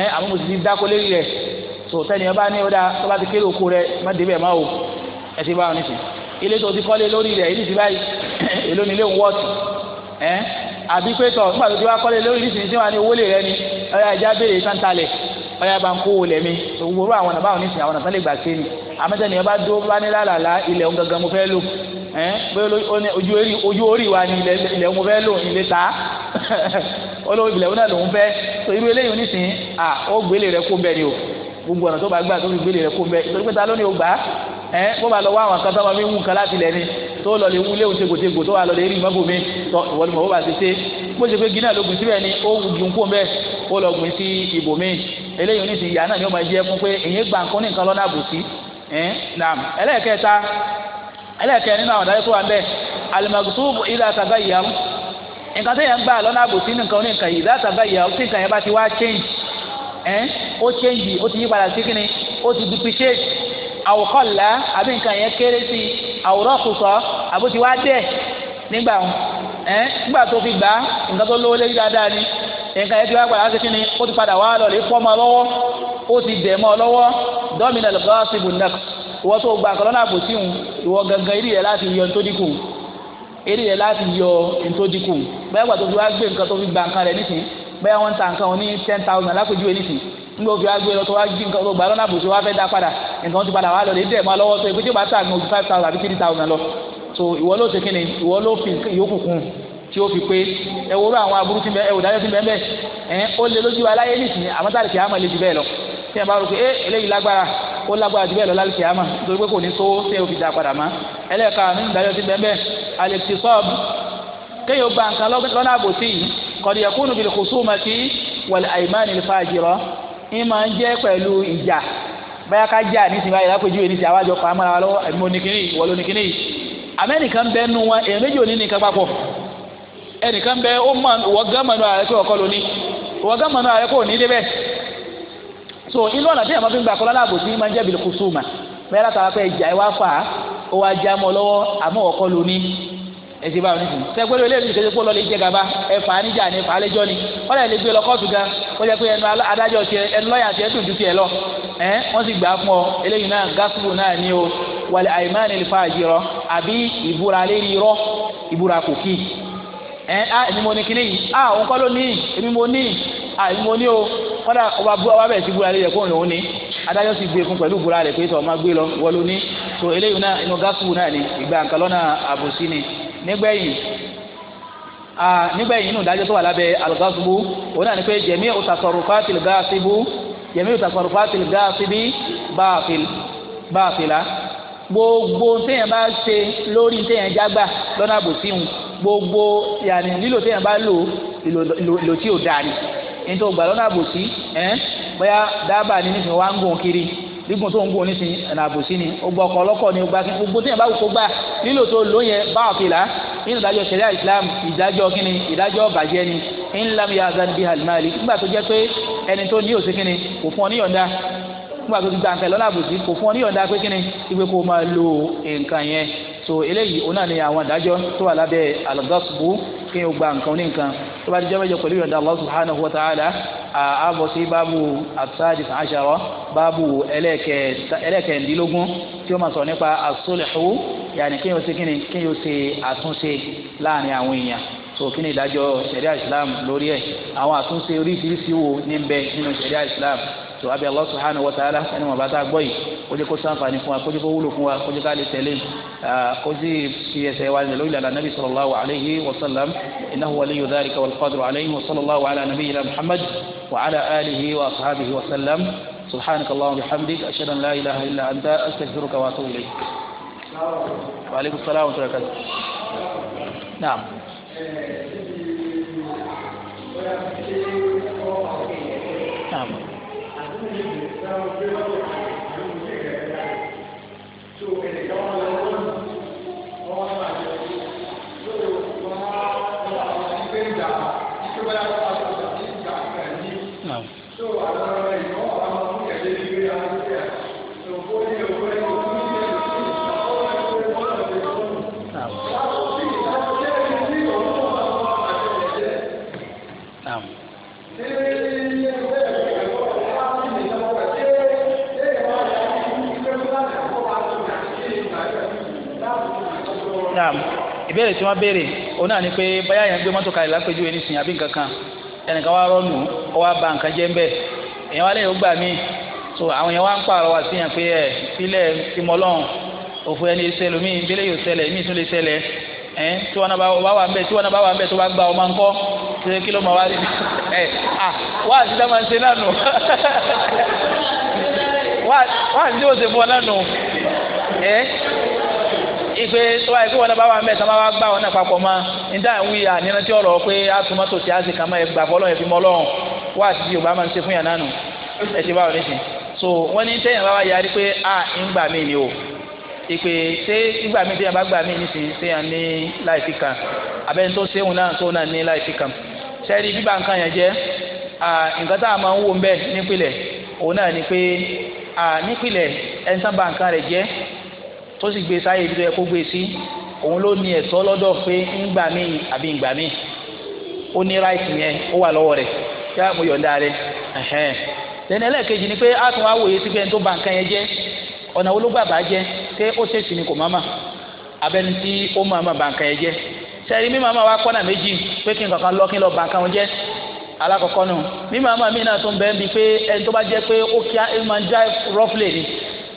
ẹ àmọ́ mo sì ti dáko ẹ bá ní tó bá ti kéré ilé tó ti kọ́lé lórí rẹ̀ èyí ti báyìí èló ni ilé ń wọ́ọ̀tù ẹ́ àbí pé tọ̀ nígbà tó ti wá kọ́lé lórí ìsìn tí wọ́n á ní owó lè rẹ ni ọ̀yà ìjà béèrè ìtàntàlẹ̀ ọ̀yà bá ń kó olè mi òwúrọ̀ àwọn ọ̀nà báwọn ní ìsìn àwọn ọ̀nà tán lè gbà sí ni àmọ́tẹ́ni ọba dúró bá ní lálàlá ilẹ̀ ń gangan mo fẹ́ lò ẹ ojú orí wa ni ilẹ̀ òun fẹ́ lò ilé ta olówó ìbílẹ̀ òun náà lòun fẹ́ so irú eléyìí onísìn à ó gbélé rẹ kó bẹ́ẹ̀ ni o gbogbo ọ̀nà tó bá gbà tó fi gbélé rẹ kó bẹ́ẹ̀ torí pé ta ló ní o gbà ẹ kó bá lọ wá àwọn kan tó máa fi wù kan láti lẹ̀ ni tó lọ lè wú léwu tegbòtegbò tó wà lọ lè rí ìmọ̀gbò mi tọ ìwọ ni mo bá ti ṣe bó ṣe pé gíná ló gùn síbẹ̀ ni ó gùn kó bẹ́ẹ̀ ó lọ gùn sí ibò mi eléyìí ní ìyá náà ni ó máa jẹ́ fún pé èyí gbà ń ní nǹkan lọ́nà àbòsí ẹlẹ́ẹ̀kẹta ẹlẹ́ẹ̀kẹ nínú àwọn àdáyé tó wà ń bẹ alimagutubu ilé àtàgbà ìyàwó nǹkan tó yẹn ń gbà lọ́nà àbòsí nìkan ní nǹkan yìí látàgbà ìyàwó tí change ẹ̀ ó change ó ti yí padà àwòkọ́lá àbí nǹkan yẹn kéré sí i àwòrán kùsọ̀ àbótí wá dẹ̀ nígbà wọn ẹ nígbà tó fi gbà nǹkan tó lówó lórí dáadáa ni nǹkan yẹn ti wá padà síkí ni ó ti padà wá lọ́ọ̀lì fọ́ ọmọ lọ́wọ́ ó ti dẹ̀ mọ́ ọ lọ́wọ́ dọ́mìnà lọ́sibù nàk ìwọ tó gba àkọlọ́ náà kò sí òun ìwọ gangan eré yẹn láti yọ ntódìkù eré yẹn láti yọ ntódìkù bẹ́ẹ̀ gbà fi wá gbé nǹkan tó fi gba nǹkan rẹ̀ nísìnyí bẹ́ẹ̀ wọ́n ń ta nǹkan òní ten thousand lápèjúwe nísìnyí nígbà òfin agbé lọ tó wá jí nǹkan tó gbà lọ́nà àbòsí wá fẹ́ dá padà nǹkan ti padà wá lọ lè dẹ̀ máa lọ́wọ́ tó ìpínlẹ̀ tí ó bá tà ní five thousand àbí three thousand lọ so ìwọ ló ṣe kí ni ìwọ ló fi ìyókù kún tí ó fi pé ẹ wo àwọn aburú ti bẹ ẹ wò dájọ́ ti bẹ bẹ ẹ ó lé lójú aláyé nìsín àmọ́ tá àlùkìyà máa lè ju bẹ́ẹ̀ lọ tí ẹ bá rò pé ẹ eh, eléyìí lágbára ó lágbára ju bẹ́ẹ̀ lọ lálùkìyà máa nítorí pé kò ní sówó tí ẹ fi dá padà má ẹlẹ́ẹ̀ka nínú dájọ́ ti bẹ bẹ́ẹ̀ àlèkìtì sọ́ọ̀bù kéèyàn gba nǹkan lọ́nà àbòsí yìí kọ̀dìyàkúnù bìlì kùsùmọ̀ sí wàlẹ̀ àìmánì fàájì rọ̀ ń máa ń jẹ́ pẹ̀lú ìjà báyà ká jà nísìnyí báyìí lápèjúwe nísìnyí àwájọ pa amára lọ́wọ́ ẹ̀mí oníkìní ìwọ lóníkìní yìí amẹ́nìkan bẹ́ẹ̀ nu wọn èèyàn méjì òní nìkan papọ̀ ẹnìkan bẹ́ẹ̀ ó mọ ìwọ gámanu ààrẹ pé ọkọ lóní ìwọ gámanu ààrẹ pé òní débẹ̀ so inú ọ̀nà tí èèyàn fi ń gbà kọ́lá láàbò tí máa ń jẹ́ bìlìkùsùmà báyà látara pé ìjà ẹ wá fà á ó wá já mọ́ lọ́wọ́ àmọ́ ọkọ lóní ẹsẹ báwo ní sìn sẹgbẹrẹ olóyè nìkejì kó lọ lè jẹ gàba ẹfà níjà ní ẹfà alẹjọ ni wọn lè gbé lọ kóòtù gan wọn jẹ pé ẹnu adájọ́ tiẹ̀ ẹnu lọ́ọ̀yà tiẹ̀ dùn ju tiẹ̀ lọ ẹ wọn sì gbà á fún ọ eléyìí náà gásùrù náà ni o wàlẹ àìmánì lè fa àjẹrọ àbí ìbúra lérí irọ́ ìbúra kò kí ẹ á èmi mo ní kíní yìí á òun kọ́ ló ní èmi mo ní à èmi mo ní o kọ́dà ọba bú ọba bẹ̀rẹ̀ sí búra lérí ẹ̀ òun ní adájọ́ sì gbé e fún pẹ̀lú búra rẹ̀ pé tọ́ ọ má gbé lọ wọ́n ló ní so eléyìí náà inú gásùrù náà ní ìgbà nǹkan lọ́nà àbòsí ni nígbẹ̀yìn nígbẹ̀yìn inú ìdájọ́ tó wà lábẹ́ alugasibu òun náà ni pé jẹ̀mí òtàsọ̀rùfàtìl gáàsìbù jẹ̀mí òtàsọ̀rùfàtìl gáàsìbì báàfìlà gbogbo téèyàn bá ṣe lórí téèyàn jágbà lọ́nà àbòsíhun gbogbo yàní lílo téèyàn bá lò ìlò tí ò dáa ni nítorí gbà lọ́nà àbòsí bóyá dábàá ní nísìnyí wá ń gùn kiri gígùn tó ń gùn ní sin ẹ̀nà àbòsí ni ó gbọ́ ọkọ̀ ọlọ́kọ̀ ni gbà kí gbogbo téèyàn bá wù kó gbà lílò tó lò yẹn bá ọ̀kìlá nínú ìdájọ́ sẹ̀ríà Islam ìdájọ́ kí ni ìdájọ́ bàjẹ́ ni ńlá mi yàtọ̀ bí alimali nígbà tó jẹ́ pé ẹni tó ní òsì kí ni kò fún ọ níyọ̀ǹda nígbà tó ti gba nǹkan lọ́nà àbòsí kò fún ọ níyọ̀ǹda pé kí ni ìgbé kó máa lo nǹkan yẹn so eléyìí òun náà ni àwọn ìdájọ́ tó wà lábẹ́ alọ́gọ́sùbù kéèyàn ó gba nǹkan ní nǹkan tó bá ti jẹ́ mẹ́jọ pẹ̀lú ìrọ̀dà Allah subhanahu wa ta'ala àbọ̀ sí báàbù àtàdì àṣàrọ̀ báàbù ẹlẹ́kẹ̀ẹ́dínlógún tí ó máa sọ nípa àsọlẹ̀hu yàní kéèyàn ó ṣe kíni kéèyàn ṣe àtúnṣe láàrin àwọn èèyàn so kí ìdájọ́ sẹ̀ríà Islam lórí ẹ̀ àwọn àtúnṣe oríṣiríṣi wo ní nínú sẹ̀ríà Islam tó abi Allah subhanahu wa ta'ala ẹni wọn bá tá a gbọ́ yìí kó jẹ́ kó ṣàǹfààní fún wa kó jẹ́ kó wúlò fún wa kó jẹ́ ká lè tẹ̀lé kó sì fi ẹsẹ̀ wa lè lórí ìlànà nabi sallallahu alayhi wa sallam innahu waliyyu dhalika wal qadiru alayhi wa sallallahu ala nabi ila muhammad wa ala alihi wa ashabihi wa sallam subhanaka allahumma wa bihamdik ashhadu an la ilaha illa anta astaghfiruka wa atubu ilayk. wa alaykum salaam wa rahmatulah. naam. ìbéèrè tí wọ́n béèrè òun náà ni pé báyà yẹn gbé mọ́tò kalẹ̀ lápẹjù ẹni sìn àbí nǹkan kan ẹnìkan wá rọ́ọ̀nù ó wá ba nǹkan jẹ́ ńbẹ́ èèyàn wá lẹ́yìn gbà mí so àwọn èèyàn wá ń pààrọ̀ wá sí yàn pé ẹ sílẹ̀ ti mọ́ lọ́hùn òfò ẹni ṣẹlẹ̀ mí ìbílẹ̀ yóò ṣẹlẹ̀ mí tún lè ṣẹlẹ̀ ẹ tí wọn bá wà ńbẹ tí wọn bá wà ńbẹ tó bá gba ọmọ ńkọ́ ṣe kí ló mọ wá ẹ à wá àti dá máa ń ṣe náà nù wá àti tí ó ṣe fún ọ náà nù ẹ. ife tó wáyé pé wọn bá wà mẹ́ta máa wá gbà wọn papọ̀ mọ́ níta ọ̀rọ̀ pé a tún mọ́tò tí a sì kàn gbà fọlọ́ yẹn ṣe fún yàn nánu wọn so wọn ní bá a ń mí ni o ìpè ṣé ìgbà mí bá gbà mí ní kan abẹ́ni tó náà tó náà ní kan bíbá nǹkan yẹn jẹ́ nǹkan tá a máa ń wò ń bẹ́ẹ̀ nípìnlẹ̀ òun náà ni pé nípìnlẹ̀ tó sì gbé sáyé ibi tó yẹ kó gbé sí òun ló ní ẹ̀tọ́ lọ́dọ̀ pé ńgbà mí àbí ńgbà mí ó ní ráìtì yẹn ó wà lọ́wọ́ rẹ̀ yá mo yọ̀ǹda rẹ̀ ẹ̀hẹ́n tẹ̀lé ẹlẹ́ẹ̀kejì ni pé a tún wá wòye sí pé ẹni tó ba nǹkan yẹn jẹ́ ọ̀nà ológbàbà jẹ́ pé ó ṣèṣì ni kò máma abẹ́ni tí ó máa ma ba nǹkan yẹn jẹ́ sẹ́yìn mi máa wá kọ́nà méjì pé kí nǹkan kan lọ kí n lọ ba nǹkan wọn jẹ́ alákọ̀ọ́kọ́ nù mi máa mí náà tún bẹ́ẹ̀ bi pé ẹni tó bá jẹ́ pé ó kí á máa já rọ́flẹ̀ ni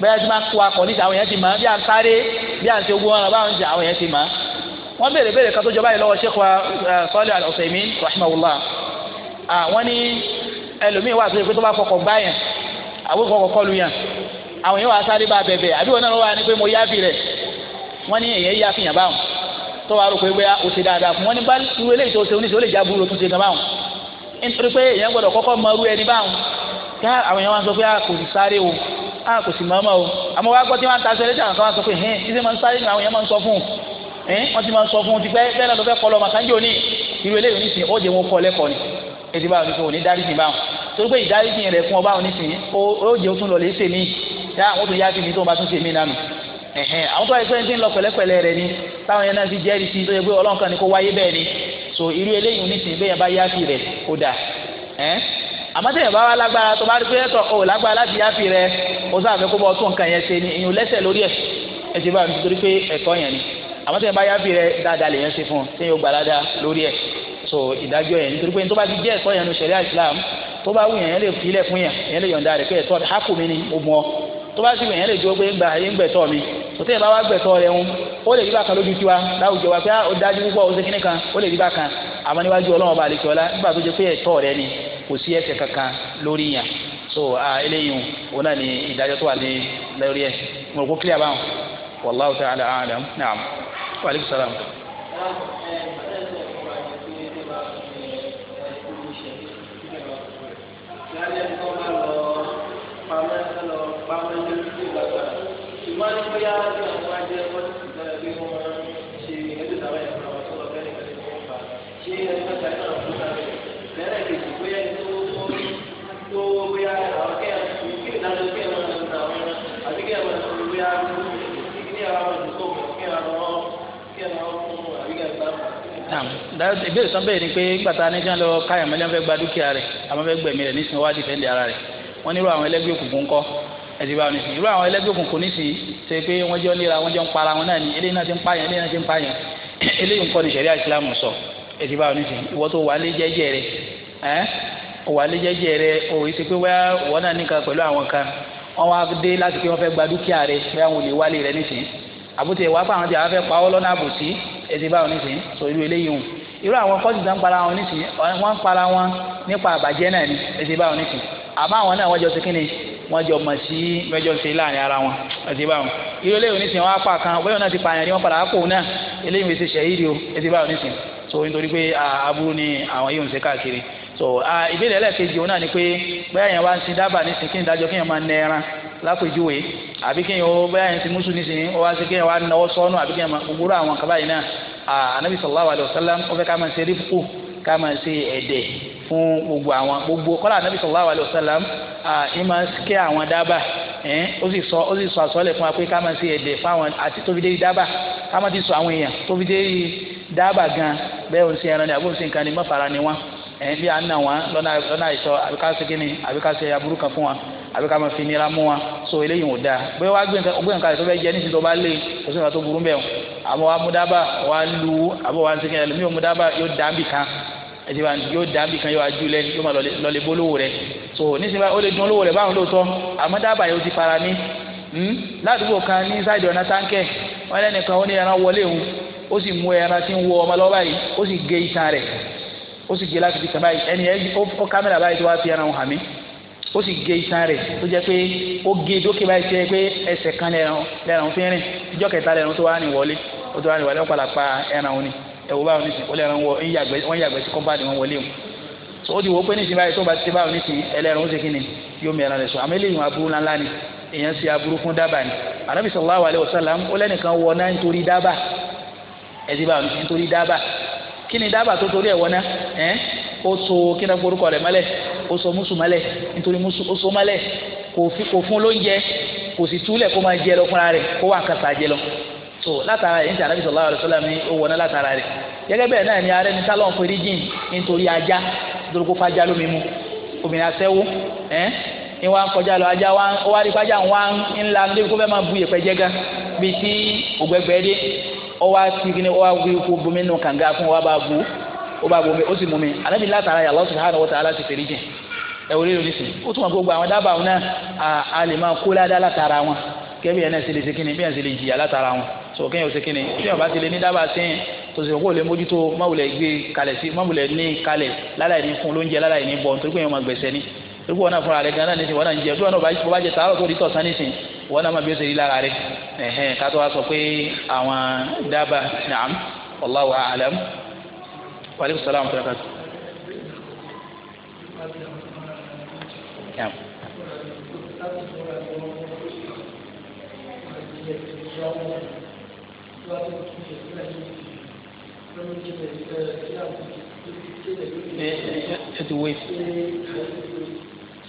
bẹ́ẹ̀ tí wọ́n kó akọ̀ níta àwọn yẹn ti mọ̀ bí à ń sáré bí à ń ṣe ogun ọ̀rọ̀ báwọn ń jà àwọn yẹn ti mọ̀ wọ́n béèrè béèrè kan tó jọba yìí lọ́wọ́ Sheikh wa eh, Salih Al-Uthaymin rahimahullah àwọn ní ẹlòmíín wà tó yẹ pé tó bá kọkọ̀ gbá yẹn àwọn kọkọ̀ kọlu yẹn àwọn yẹn wà sáré bá bẹ̀bẹ̀ àbí wọn náà wà ní pé mo yáfi rẹ̀ wọ́n ní èyẹ yáfi yàn báwọn tó wà rò pé a ah, kò sì máa ma o àmọ́ wá gbọ́ tí wọ́n ń ta aṣọ ẹlẹ́jà kan wá sọ pé hẹ́n ṣíṣe máa ń sáré ni àwọn èèyàn máa ń sọ fún un ẹ́ wọ́n ti máa ń sọ fún un ti pẹ́ bẹ́ẹ̀ náà ló fẹ́ kọ́ lọ màkà ń jò ní irú eléyìí ní sìn ó jẹ́ wọn kọ́ lẹ́kọ̀ọ́ ni ètí báwọn onífẹ́ òní dárí sìn báwọn torí pé ìdáríjì rẹ̀ fún ọba òní sìn ó jẹ́ ó tún lọ lè ṣe mí yá àwọn tó yá sí mi tó ń bá tún ṣe mí nánu ẹ̀hẹ́n àwọn tó wáyé pé ń ti ń lọ pẹ̀lẹ́pẹ̀lẹ́ rẹ̀ ni táwọn yẹn náà ti jẹ́rìí sí tó yẹ pé ọlọ́run ni kó wáyé bẹ́ẹ̀ ni so irú eléyìí ní bẹ́ẹ̀ bá yá sí rẹ̀ kó dà ẹ́ àmọ́ tẹ̀yìn bá wà lágbára tó bá rí pé ẹ̀tọ́ ò lágbára láti yáfi rẹ o sáà fẹ́ kó bọ́ tún nǹkan yẹn ṣe ni ìyún lẹ́sẹ̀ lórí ẹ̀ ẹ ti bá mi torí pé ẹ̀tọ́ yẹn ni àmọ́ tẹ̀yìn bá yáfi rẹ dáadáa lè yẹn ṣe fún un tẹ̀yìn ó gbalada lórí ẹ̀ so ìdájọ́ yẹn nítorí pé tó bá ti jẹ́ ẹ̀tọ́ yẹn nu sẹ̀ríà Islam tó bá wù yẹn yẹn lè filẹ̀ fún yẹn yẹn lè yọ̀ǹda rẹ̀ pé ẹ̀tọ́ ni mo mọ̀ tó bá sì wù yẹn lè dúró pé gbà yín gbẹ̀tọ́ mi tòtẹ́ yẹn bá wá gbẹ̀tọ́ rẹ̀ ń ó lè rí bákan lójú tiwa láwùjọ wa pé ó dájú púpọ̀ kò sí ẹ̀ṣẹ̀ kankan lórí yàn so eléyìí o náà ní ìdájọ́ tó wà ní lórí ẹ̀ mo rò kó clear báwọn wallahu ta'ala a'lam naam wa aleykum salaam. Thank you. ìbéèrè sọ bẹ́ẹ̀ ni pé gbàtà ní jẹun lọ káyọ̀ mẹ́lẹ́ fẹ́ gba dúkìá rẹ̀ àwọn fẹ́ gbẹ̀mí rẹ̀ nísìnyí wá dìfẹ́ǹdì ara rẹ̀ wọ́n nírú àwọn ẹlẹ́gbẹ́ òkùnkùn ńkọ́ ẹ̀dí bá wọn nísìnyí irú àwọn ẹlẹ́gbẹ́ òkùnkùn nísìnyí ṣe pé wọ́n jọ níra wọ́n jọ ń para wọn náà ni eléyìí náà ti ń pààyàn eléyìí náà ti ń pààyàn eléyìí ńkọ́ ni ṣẹ̀ríà ìsìlámù sọ ẹ̀dí bá wọn nísìnyí ìwọ tó wà lé jẹ́jẹ́ rẹ̀ ẹ́ wà lé jẹ́jẹ́ rẹ̀ òwe ṣe pé wọ́n náà níkan pẹ̀lú àwọn kan wọ́n wá dé láti pé wọ́n fẹ́ gba dúkìá rẹ̀ bẹ́ẹ̀ wọ́n lè wálé rẹ̀ nísìnyí àbúté wàá pa àwọn tí àwọn fẹ́ pa ọ́ lọ́nà àbòsí ẹtì báwọn nísìnyí sọ irú eléyìí hùn irú àwọn kọ́sì tó ń para wọn nísìnyí wọ́n ń para wọn nípa àbàjẹ́ náà ni ẹtì báwọn nísìnyí àmọ́ àwọn náà wọ́n jọ sí kínni wọ́n jọ mọ̀ sí mẹ́jọ ṣe láàrin ara wọn ẹtì báwọn irú eléyìí nísìnyí wọ́n á pa kan bóyá náà ti pààyàn ni wọ́n padà kó náà eléyìí fi ṣe ṣẹ́yìí so nítorí pé aburú ni àwọn yìí so ìbéèrè ẹlẹ́ẹ̀kejì òun náà ni pé bóyá yẹn nísìnyí ni ìdájọ́ kí yẹn máa nẹ lápèjúwe àbí kéèyàn ó bẹ́ẹ̀ yẹn ti mú sùn nísìnyí ó wá sí kéèyàn wá náwó sọ́nù àbí kéèyàn gbogbo àwọn kaba yìí náà anabi sallallahu alayhi wa sallam ó fẹ́ ká máa ṣe rífù ká máa ṣe ẹ̀dẹ̀ fún gbogbo àwọn gbogbo kọ́lá anabi sallallahu alayhi wa sallam ìmọ̀ kẹ́ àwọn dábàá ó sì sọ ó sì sọ àsọ́lẹ̀ fún wa pé ká máa ṣe ẹ̀dẹ̀ fún àwọn àti tóbi dé dábàá ká máa ti sọ àwọn èèyàn tóbi dé dábàá gan bẹ́ẹ̀ òun ṣe ẹran ni àbí àbí ká máa fi nira mú wa so eléyìí ò dáa bóyá wàá gbé nǹkan kalẹ̀ tó fẹ́ jẹ níṣìṣẹ́ tó bá lé kò sí nǹkan tó burú bẹ́ẹ̀ o àmọ́ wàá mú dábà wàá lu àbọ̀ wàá ṣe kẹ́kẹ́ lómi ò mú dábà yóò dá bì kan ẹtì bá yóò dá bì kan yóò ajú lẹ yóò máa lọlé bó lówó rẹ so níṣìṣẹ́ bá ó lè dún lówó rẹ báwọn lóòótọ́ àmọ́ dábà yóò ti fara ní hmm? ládùúgbò kan ní sáìdì ọ̀nà táǹkẹ̀ wọn lẹ́nìkan ó ní ẹran wọlé òun ó sì mú ẹran tí ń wọ ọmọ lọ́wọ́ báyìí ó sì gé itan rẹ̀ ó sì gé láti fi kàn báyìí ẹni ẹ ó kámẹ́rà báyìí tó wá fi ẹran hàn mí ó sì gé iṣan rẹ̀ tó jẹ́ pé ó gé e dókè báyìí ṣe pé ẹsẹ̀ kan lẹ́ran fi rìn ìjọ kẹta lẹ́ran tó wá ní wọlé ó tó wá ní wọlé ó padà pa ẹran òní ẹ̀wò báwọn ní sìn ó lẹ́ran wọ wọ́n yàgbẹ́ sí kọ́mpáàdì wọn wọlé o so ó ti wò pé ní sìn báyìí tó bá ti báwọn ní sìn ẹlẹ́ran ó ṣe kí ni yóò mi ẹran rẹ̀ sọ àmì eléyìí wọn aburú ńláńlá ni èèyàn ṣe aburú fún dábàá ni Ànábì sallallahu alaihi wasallam ó lẹ́nìkan wọ náà nítorí dábàá ẹ̀ kí ni dábàá tó torí ẹ̀ wọ́n náà ẹ̀ ó so kí ni forúkọ rẹ̀ mọ́lẹ̀ ó so mùsùn mọ́lẹ̀ nítorí mùsùn ó so mọ́lẹ̀ kò fi kò fún lóúnjẹ kò sì túlẹ̀ kó máa jẹ lọ fúnra rẹ̀ kó wà kàtà jẹ lọ so látara yìí ní sàrẹ́bí sallallahu alaihi wasallam ó wọ̀ náà látara rẹ̀ gẹ́gẹ́ bẹ́ẹ̀ náà ni arẹ́ ní sálọ̀ nfẹ̀rí jìn nítorí ajá nítorí kó fajá lómi mu obìnrin asẹ́wó ẹ̀ ń wá kọjá lọ ajá wá ń wá rí fajá ń wá ń la níbi kó fẹ́ máa bu ìyẹ̀pẹ̀ jẹ́ bíi tí ògbẹ́gbẹ́ dé ó wá ti kí ni ó wá wí kó bomi nù kànga fún wa bá bu ó bá bomi ó sì mú mi ànábì látara yà Allah subhanahu wa ta'ala ti fèrè jìn ẹ wọlé lórí sìn ó tún wọn gbogbo àwọn dábàá wọn náà a lè máa kó ládàá látara wọn kẹ́bí ẹ̀ náà ṣe lè ṣe kíni bí ẹ̀ ṣe lè jìyà látara wọn sọ kẹ́yìn ò kíni bí ọba ti lè ní dábàá sí tòsí òkú òlé mójútó máwùlẹ̀ gbé kalẹ̀ sí máwùlẹ̀ ní kalẹ̀ láláì ní fún lóúnjẹ láláì ní bọ̀ nítorí pé èèyàn máa gbẹ̀sẹ̀ ni torí pé wọn náà fúnra rẹ̀ gan náà wọn náà má bí ó ṣe rí lára rẹ ẹhẹn kátó wá sọ pé àwọn dábàá naam wallahu a'lam wa alaikum tó yàtọ̀. ẹ ẹ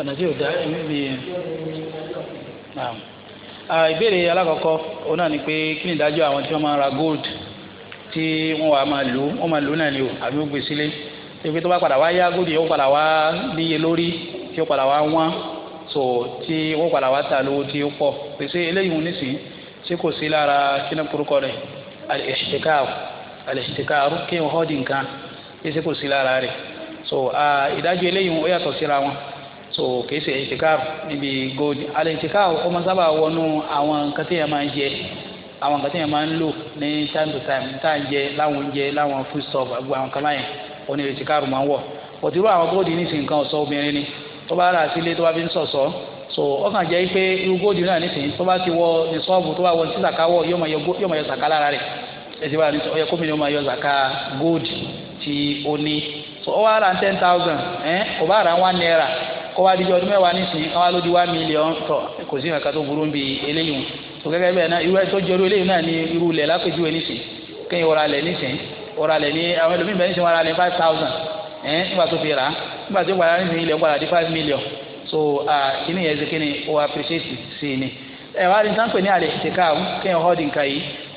ọ̀nà tí ò dá ẹ̀mí mi ìbéèrè alákọ̀ọ́kọ́ òun náà ni pé kí ni ìdájọ́ àwọn tí wọ́n máa ra gold tí wọ́n wàá máa lò wọ́n máa lò náà ni o àbí wọ́n gbé sílé ebi tó bá padà wá yá gold yóò padà wá níye lórí tí ó padà wá wọ́n so tí wọ́n padà wá ta lówó tí ó pọ̀ pèsè eléyìí wọn nísìnyí tí kò sí lára kí ni kúrúkọ rẹ̀ alẹ́ ìṣèkáàrú alẹ́ ìṣèkáàrú kí wọ́n họ́ di nǹkan tí kò sí lára rẹ̀ so ìdájọ́ eléyìí ó yàtọ̀ síra wọn so kìí ṣe ìtìkáf níbi gold alẹ́ ìtìkáf ó máa sábà wọnú àwọn nǹkan tí yẹn máa ń jẹ àwọn nǹkan tí yẹn máa ń lò ní time to time tá à ń jẹ láwọn oúnjẹ láwọn food stuff àgbo àwọn kan láyẹn ó ní ìtìkáf máa ń wọ̀ òtí irú àwọn góòdì nísìnyí nǹkan ọ̀ṣọ́ obìnrin ni tó bá rà sílé tó bá fi ń sọ̀sọ́ so ọkàn jẹ́ pé irú góòdì náà nísìnyí tó bá ti wọ ní sọ́ọ̀bù tó bá wọ ní sísàkáwọ̀ yóò máa yọ zàká lára rẹ̀ ẹ̀ tí ó ní so ó wá ra ten thousand ẹ̀ kò bá ra one naira kó wá díjọ ọdún mẹ́wàá nísìnyí káwá ló di one million tọ̀ kò sí nǹkan tó burú bí eléyìí tó gẹ́gẹ́ bẹ́ẹ̀ náà irú ẹ̀ tó jẹ́rú eléyìí náà ní irú lẹ̀ lápèjúwe nísìnyí kéèyàn ọ̀rà lẹ̀ nísìnyí ọ̀rà lẹ̀ ní àwọn ẹlòmíì bẹ́ẹ̀ nísìnyí ọ̀rà lẹ̀ five thousand ẹ̀ nígbà to fi rà á nígbà tó gbàdá nísìnyí ilẹ̀ gbàdá di five million so kíní yẹn ṣe kíní ó appreciate sí ni ẹ̀ wá rí nǹkan pè ní àlè ìtẹ̀ká kéèyàn họ́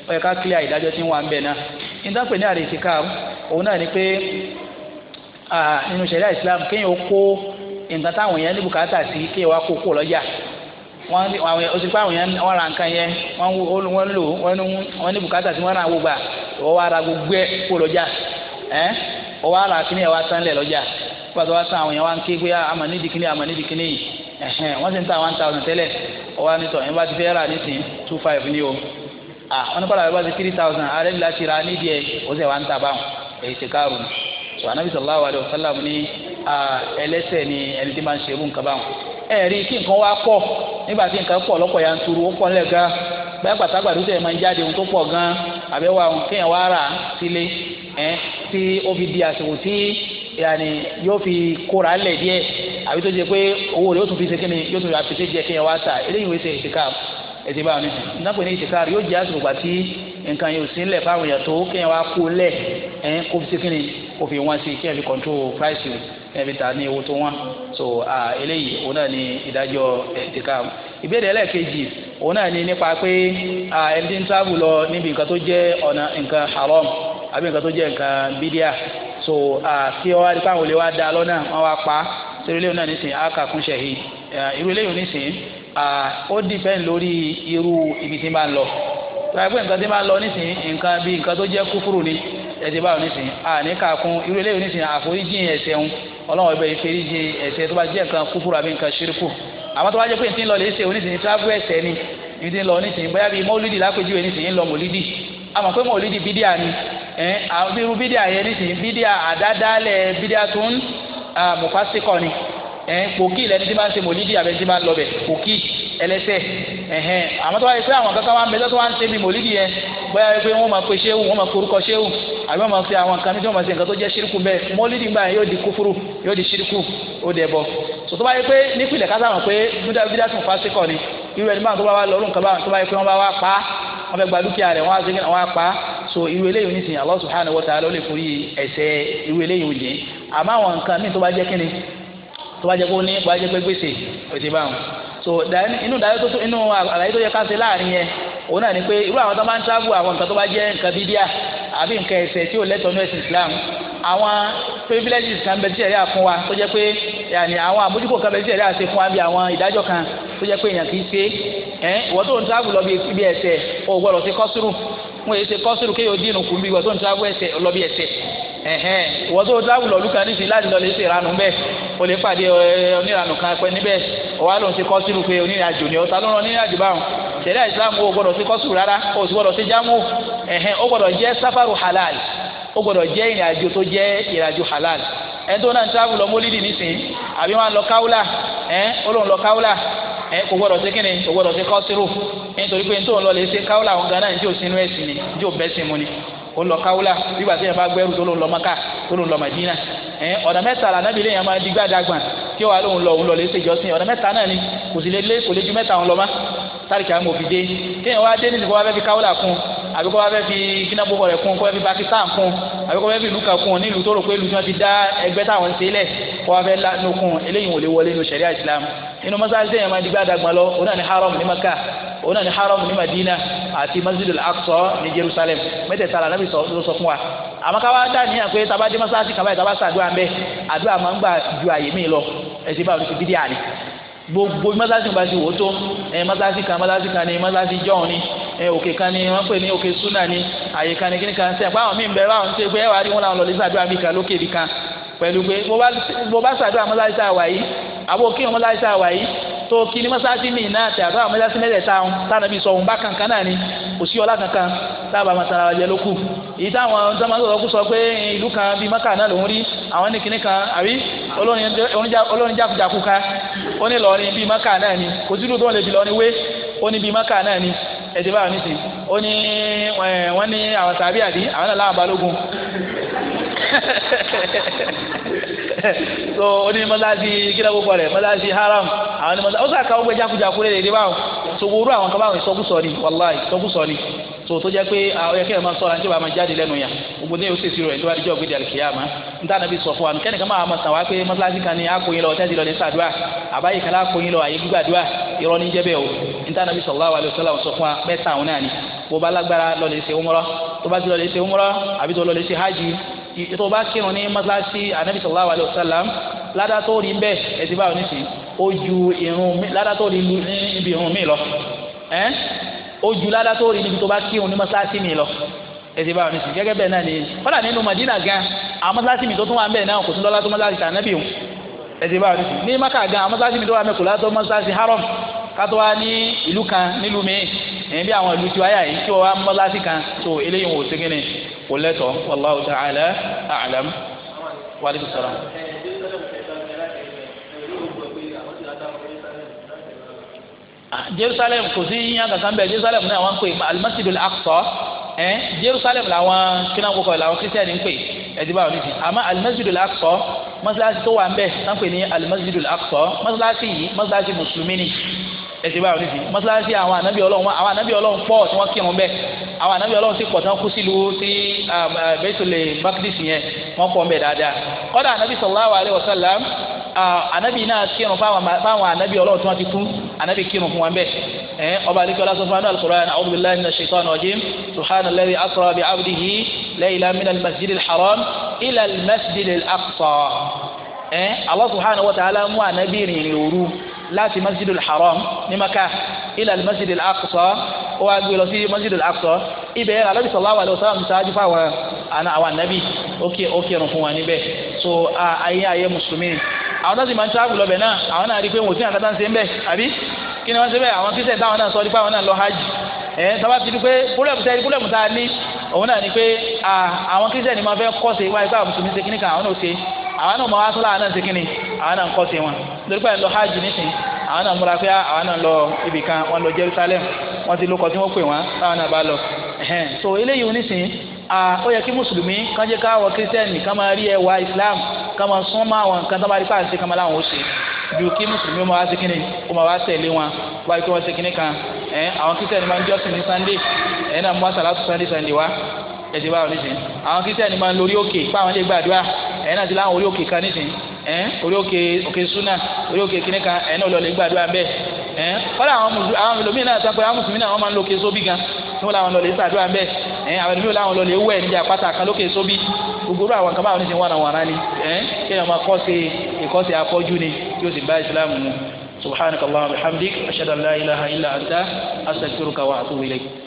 Ọ yẹ ká kílíà ìdájọ́ tí ń wà ń bẹ̀ náà ní àrètí ká òun náà ni pé nínú Islam kéèyàn ó kó nǹkan táwọn èèyàn ní bùkátà sí kéèyàn wá kó kó lọ́jà wọ́n ó sì pé àwọn èèyàn wọ́n ra nǹkan yẹn wọ́n lò wọ́n ní bùkátà tí wọ́n ra àwọn wọ́n wá ra gbogbo ẹ̀ kó lọ́jà wọ́n wá ra kíní ẹ̀ wá tán lẹ̀ lọ́jà ah wọn kọ́ la bá ti three thousand ààrẹ ńlá ti ra nídìí ẹ̀ ó sì wá ń ta báwọn èyí ti káàrò ni sọ anabi sallallahu alayhi wa sallam ni ẹlẹ́ṣẹ̀ ni ẹni tí máa ń ṣerú nǹkan báwọn ẹ rí kí nǹkan wá pọ̀ nígbà tí nǹkan pọ̀ lọ́pọ̀ yanturu ó pọ̀ nílẹ̀ gan bẹ́ẹ̀ pàtàkì tẹ̀ máa ń jáde ohun tó pọ̀ gan àbẹ̀wò àwọn kéèyàn wá rà sílé ẹ tí ó fi di àsìkò tí yàní yóò fi kóra lẹ̀ díẹ̀ àbí tó ṣe pé owó rẹ̀ yóò tún fi ṣe kí ni yóò tún fi àfisẹ́ jẹ́ kéèyàn wá tà eléyìí wọ́n ṣe ìṣèkà ètò ìbáwọn nìyí nígbàgbọ́ ní ìtìkáàrì yóò jẹ́ àsìkò gbà tí nǹkan yóò sí ńlẹ̀ fáwọn èèyàn tó kéèyàn wá kó lẹ̀ ẹ̀ kó fi síkìnnì kó fi wọ́n sí kí ẹ̀ fi control price ẹ̀ fi ta ní owó tó wọ́n so eléyìí òun náà ni ìdájọ́ ìtìkáàrì ìbéèrè ẹlẹ́ẹ̀kejì òun náà ni nípa pé ẹni tí ń travel lọ níbi nǹkan tó jẹ́ ọ̀nà nǹkan haram àbí nǹkan tó jẹ́ nǹkan bídíà so kí wọ́n wá di fáwọn olè wá da lọ́nà wọ́n wá pa torí náà nísìnyí á kà irú eléyìí nísìnyí ó dìpẹ́ǹ lórí irú ibi tí n bá ń lọ tọ́wọ́ pé nǹkan tí n bá ń lọ nísìnyí nǹkan bíi nǹkan tó jẹ́ kúfúrú ni ẹ̀sẹ̀ báwo nísìnyí àní kàkún irú eléyìí nísìnyí àforíjì ẹ̀ṣẹ̀ ń ọlọ́wọ́ ibẹ̀ ìferíjì ẹ̀ṣẹ̀ tó bá jẹ́ nǹkan kúfúrú àbí nǹkan ṣírùkù àmọ́ tó bá jẹ́ pé n ti ń lọ lè ṣe onísìnyí tíráfù ni ibi tí ń lọ nísìnyí bóyá bíi mọ́lídì lápèjúwe nísìnyí ń lọ mọ́lídì àmọ́ pé mọ́lídì bídíà ni ẹ̀ àwọn irú bídíà yẹn nísìnyí bídíà àdádálẹ̀ bídíà tó ń mùfásíkọ̀ ni ẹ kòkí lẹni tí máa ń ṣe mòlídìí àbẹ tí máa ń lọbẹ kòkí ẹlẹsẹ ẹhẹn àwọn tó wá yẹ pé àwọn kankan máa ń bẹsẹ tó wá ń ṣe bí mòlídìí yẹn bóyá yẹ pé wọn máa pe ṣéwù wọn máa korúkọ ṣéwù àbí wọn máa fi àwọn kan tí wọn máa ṣe nǹkan tó jẹ ṣírìkù bẹ́ẹ̀ mòlídìí gbà yóò di kúfúrú yóò di ṣírìkù ó dẹ bọ tó tó bá yẹ pé nípìnlẹ̀ ká sáwọn pé bídà tún fa síkọ̀ ni irú ẹni máa tó bá wà lọ́rùn kan báwọn tó bá yẹ pé wọ́n bá wá pa wọ́n fẹ́ gba Allah subhanahu wa ta'ala ló lè forí ẹ̀ṣẹ̀ irú eléyìí òye àmọ́ àwọn nǹkan míì tó bá jẹ́ kínni tó bá jẹ́ pé ó ní bá jẹ́ pé gbèsè báwọn so inú ìdájọ́ tó inú àlàyé tó yẹ ká ṣe láàrin yẹn òun náà ni pé irú àwọn tó bá ń travel àwọn nǹkan tó bá jẹ́ nǹkan bídíà àbí nǹkan ẹ̀ṣẹ̀ tí ò lẹ́tọ̀ọ́ ní ẹ̀sìn Islam àwọn privileges kan bẹ tí ẹ̀rí àfún wa tó jẹ́ pé yàní àwọn àmójúkò kan bẹ tí ẹ̀rí àṣẹ fún wa bí àwọn ìdájọ́ kan tó jẹ́ pé èèyàn kì í ṣe ẹ̀ wọ́n tó ń travel lọ bí ẹ̀ṣẹ̀ ò gbọ́dọ̀ ṣe kọ́sùrù wọ́n yẹ ṣe kọ́sùrù kéèyàn dín nù bí wọ́n tó ń travel lọ bí ẹ̀ṣẹ̀ ẹ̀hẹ́n wọ́n tó dáwù lọ́lú kan nífi láti lọ lè ṣe ìranù bẹ́ẹ̀ o lè pàdé onírànù kan pẹ́ níbẹ̀ ọ̀wá ló ń ṣe kọ́sùrù pé onírìnàjò ni ọ̀tá ló onírìnàjò báwọn o gbọ́dọ̀ ṣe kọ́sùrù rárá o sì gbọ́dọ̀ ṣe jámù ẹ̀hẹ́n o gbọ́dọ̀ jẹ́ sáfàrù halal o gbọ́dọ̀ jẹ́ ìrìnàjò tó jẹ́ ìrìnàjò halal ẹni tó náà ń tábù lọ mólídì nísìnyí àbí wọn lọ káwùlà ẹ olóhùn lọ káwùlà ẹ kò gbọ́dọ̀ ó lọ káwúlà bígbà tí yẹn bá gbẹrù tó ló ń lọ maka tó ló ń lọ madina ẹ ọ̀nà mẹ́ta la nábìlì yẹn máa digbá dàgbà kí wàá lóun lọ òun lọ lè ṣe ìjọsìn ọ̀nà mẹ́ta náà ni kò sì lè lé kò lè ju mẹ́ta òun lọ má sáré kí a mọ̀ fi dé kéèyàn wá dé nídìí kó fi káwúlà kún àbí kọ́ bá fẹ́ fi kíná gbogbo rẹ̀ kún kọ́ fẹ́ fi Pakistan kún àbí kọ́ fẹ́ fi ìlú kan kún ní ìlú tó rò pé ìlú tí wọ́n ti dá ẹgbẹ́ táwọn ń sílẹ̀ kọ́ fẹ́ lánú kún eléyìí wò lè wọlé nínú sẹ̀ríà Islam inú mọ́sáàsì yẹn máa di gbàdàgbà lọ òun náà ní haram ni Makkah òun náà ní haram ni Madina àti Masjidul Aqsa ní Jerusalem mẹ́tẹ̀ẹ̀ta la nábì ló sọ fún wa àmọ́ ká wá dá níyà pé tá a bá dé mọ́sáàsì kan báyìí tá a bá ṣàdúrà ń bẹ́ àdúrà máa ń gbà ju àyè mí lọ ẹ̀sìn báwo ló ti bídí àná gbogbo mọ́sáàsì ìgbà tí wò ó tó ẹ mọ́sáàsì kan mọ́sáàsì kan ni mọ́sáàsì jọ́hún ni ẹ òkè kan ni wọ́n pè ní òkè súnà ni àyè kan ni kíní kan sẹ́yìn báwọn míì ń bẹ báwọn ń ṣe pé ẹ wà á rí wọn làwọn lọ lè ṣàdúrà mi kan lókè mi kan pẹ̀lú pé bó bá ṣàdúrà mọ́sáàsì tá a wà yìí àbó kí wọn mọ́sáàsì tá a wà yìí tó kí ni mọ́sáàsì mi náà tẹ̀ àdúrà mọ́sáàsì mẹ́tẹ̀ẹ̀ta tánà mi sọ òun bá kankan náà ni kò sí ọlá kankan tábà máa tara jẹ lókù èyí táwọn sọmọsọsọ kú sọ pé ìlú kan bíi maka náà lòún rí àwọn ní kinní àbí olórin jákujàku kan ó ní lọ́ọ̀rin maka náà ni kò sílùú tó ń lè fi lọ́ọ̀rin wé ó ní maka náà ni ẹ̀jẹ̀ báwọn ní sè ó wọ́n ní àwọn sàbí àdí àwọn náà láwọn balógun so kí rẹ̀ haram àwọn ní ó sàkà ó lè dé báwọn so àwọn kan báwọn ìsọkúsọ ni wàláì ìsọkúsọ ni. so tó jẹ́ pé àwọn ẹ̀kẹ́ máa sọ̀rọ̀ àti ìbámu jáde lẹ́nu yà gbogbo ní oṣù ìṣirò ìjọba àdìjọ́ gbé dàlùkì yá ma ń tà nàbí sọ fún wa kẹ́nìkan máa ma sàn wá pé mọ́sálásí kan ní akóyin lọ tẹ́sí lọ ní sàdúrà àbáyé kan lákóyin lọ àyè gbígbàdúrà irọ́ ní jẹ́bẹ̀ o ń tà nàbí sallallahu alaihi wasallam sọ fún wa mẹ́ta àwọn náà ni bó bá lágbára lọ lè ṣe umrah tó bá ti lọ lè ṣe umrah àbí tó lọ lè ṣe hajj tó bá kírun ní mọ́sálásí ànábì sallallahu alaihi wasallam ládàá tó rí bẹ́ẹ̀ ẹ̀ ti báwọn irun ládàá tó ibi irun mi lọ ẹ́ ojú ládá tó rí níbi tó bá kírun ní mọ́sáàsì mi lọ ẹsẹ báwọn nísìnyí gẹ́gẹ́ bẹ́ẹ̀ náà ni kódà nínú Madina gan àwọn mọ́sáàsì mi tó tún wà ń bẹ náà kò tún lọ́lá tó mọ́sáàsì tà nábì òun ẹsẹ báwọn nísìnyí ní Maka gan àwọn mọ́sáàsì mi tó wà ń bẹ kò látọ́ mọ́sáàsì haram kátó wá ní ìlú kan nílùú mi ẹ̀yìn bí àwọn ìlú tí wáyà yìí tí wọ́n wá mọ́sáàsì kan tó eléyìí wò sí Ah, jerusalem kò sí yíyan kankan bẹ́ẹ̀ jerusalem náà wọ́n ń pè alimasidul aqsa ẹ jerusalem làwọn kínáwókọ làwọn kristiani ń pè ẹdí báwọn nìyí àmọ́ alimasidul aqsa mọ́sálásí tó wà ń bẹ̀ náà pè ní alimasidul aqsa mọ́sálásí yìí mọ́sálásí mùsùlùmí ni ẹsẹ báyọ̀ níbi mọ́sálásí àwọn ànábì ọlọ́run àwọn ànábì ọlọ́run pọ̀ tí wọ́n kírun bẹ́ẹ̀ àwọn ànábì ọlọ́run sì pọ̀ tí wọ́n kú sílùú sí bẹ́tùlẹ̀ mákìdísì yẹn wọ́n pọ̀ bẹ́ẹ̀ dáadáa kọ́dà ànábì sallallahu alaihi wasallam ah, ànábì náà kírun fáwọn ànábì ọlọ́run tí wọ́n ti kú anabi kírun fún wa ń bẹ ẹ ọba alikọla sọ fún anu alukur'an a'udhu billahi minash shaitanir rajim subhana alladhi asra bi abdihi layla minal masjidil haram ila al masjidil aqsa ẹ Allah subhanahu wa ta'ala mú anabi rìnrìn òru láti masjidul haram ní maka ila masjidul aqsa ó wá gbé lọ sí masjidul aqsa ibẹ̀ yẹn alábi sallallahu alayhi wa sallam ṣáájú fáwọn àwọn anabi ó kírun fún wa níbẹ̀ so ayé ayé mùsùlùmí àwọn tó sì máa ń travel lọ bẹ̀ náà àwọn náà rí i pé wọ́n ti àkàtà ń ṣe ń bẹ̀ àbí kí ni wọ́n ṣe bẹ́ẹ̀ àwọn kristian táwọn náà sọ nípa àwọn náà lọ hajj ẹ̀ sábà ti di pé púrọ̀mù sẹ́ni púrọ̀mù tá a ní òun náà ni pé àwọn kristian ni máa fẹ́ kọ́ ṣe wáyé pé àwọn mùsùlùmí ṣe kíní kan àwọn náà ṣe àwọn náà máa wá sọ́lá àwọn náà ṣe kíní àwọn náà ń kọ́ ṣe wọn torí pé lọ ó yẹ kí mùsùlùmí kàn jẹ́ káwọ kírísítẹ́nì kàn máa rí ẹwà islam kàn máa sún mọ́ àwọn nǹkan tó bá rí pàṣẹ kàn máa láwọn ó ṣe ju kí mùsùlùmí máa wá sí kínní kó máa wá tẹ̀lé wọn wá ikú wọn ṣe kínní kan ẹ àwọn kírísítẹ́nì máa ń jọ́sìn ní sunday ẹ náà mú àṣàlá tó sunday wá ẹ ti bá wọn nísìn àwọn kírísítẹ́nì máa ń lórí òkè pé àwọn lè gbàdúrà ẹ náà ti láwọn orí òkè kan nísìn ẹ orí òkè òkè súnà orí òkè kínní kan ẹ náà lọ lè gbàdúrà bẹ́ẹ̀ ẹ kọ́lá àwọn mùsùlùmí náà sọ pé àwọn mùsùlùmí náà wọ́n máa ń lo òkè sóbì gan tí wọ́n láwọn lọ lè ṣàdúrà ń bẹ̀ àwọn ẹlòmíràn láwọn lọ lè wẹ̀ níbi àpáta kan lókè sóbì gbogbo àwọn kan báwọn ní ti wọ́n àwọn ará ni ẹ̀ kéèyàn máa kọ́ sí ìkọ́sí afọ́jú ni tí ó sì bá ìsìlámù mu subhanakallahumma wa bihamdik ashhadu an la ilaha illa anta astaghfiruka wa atubu ilayk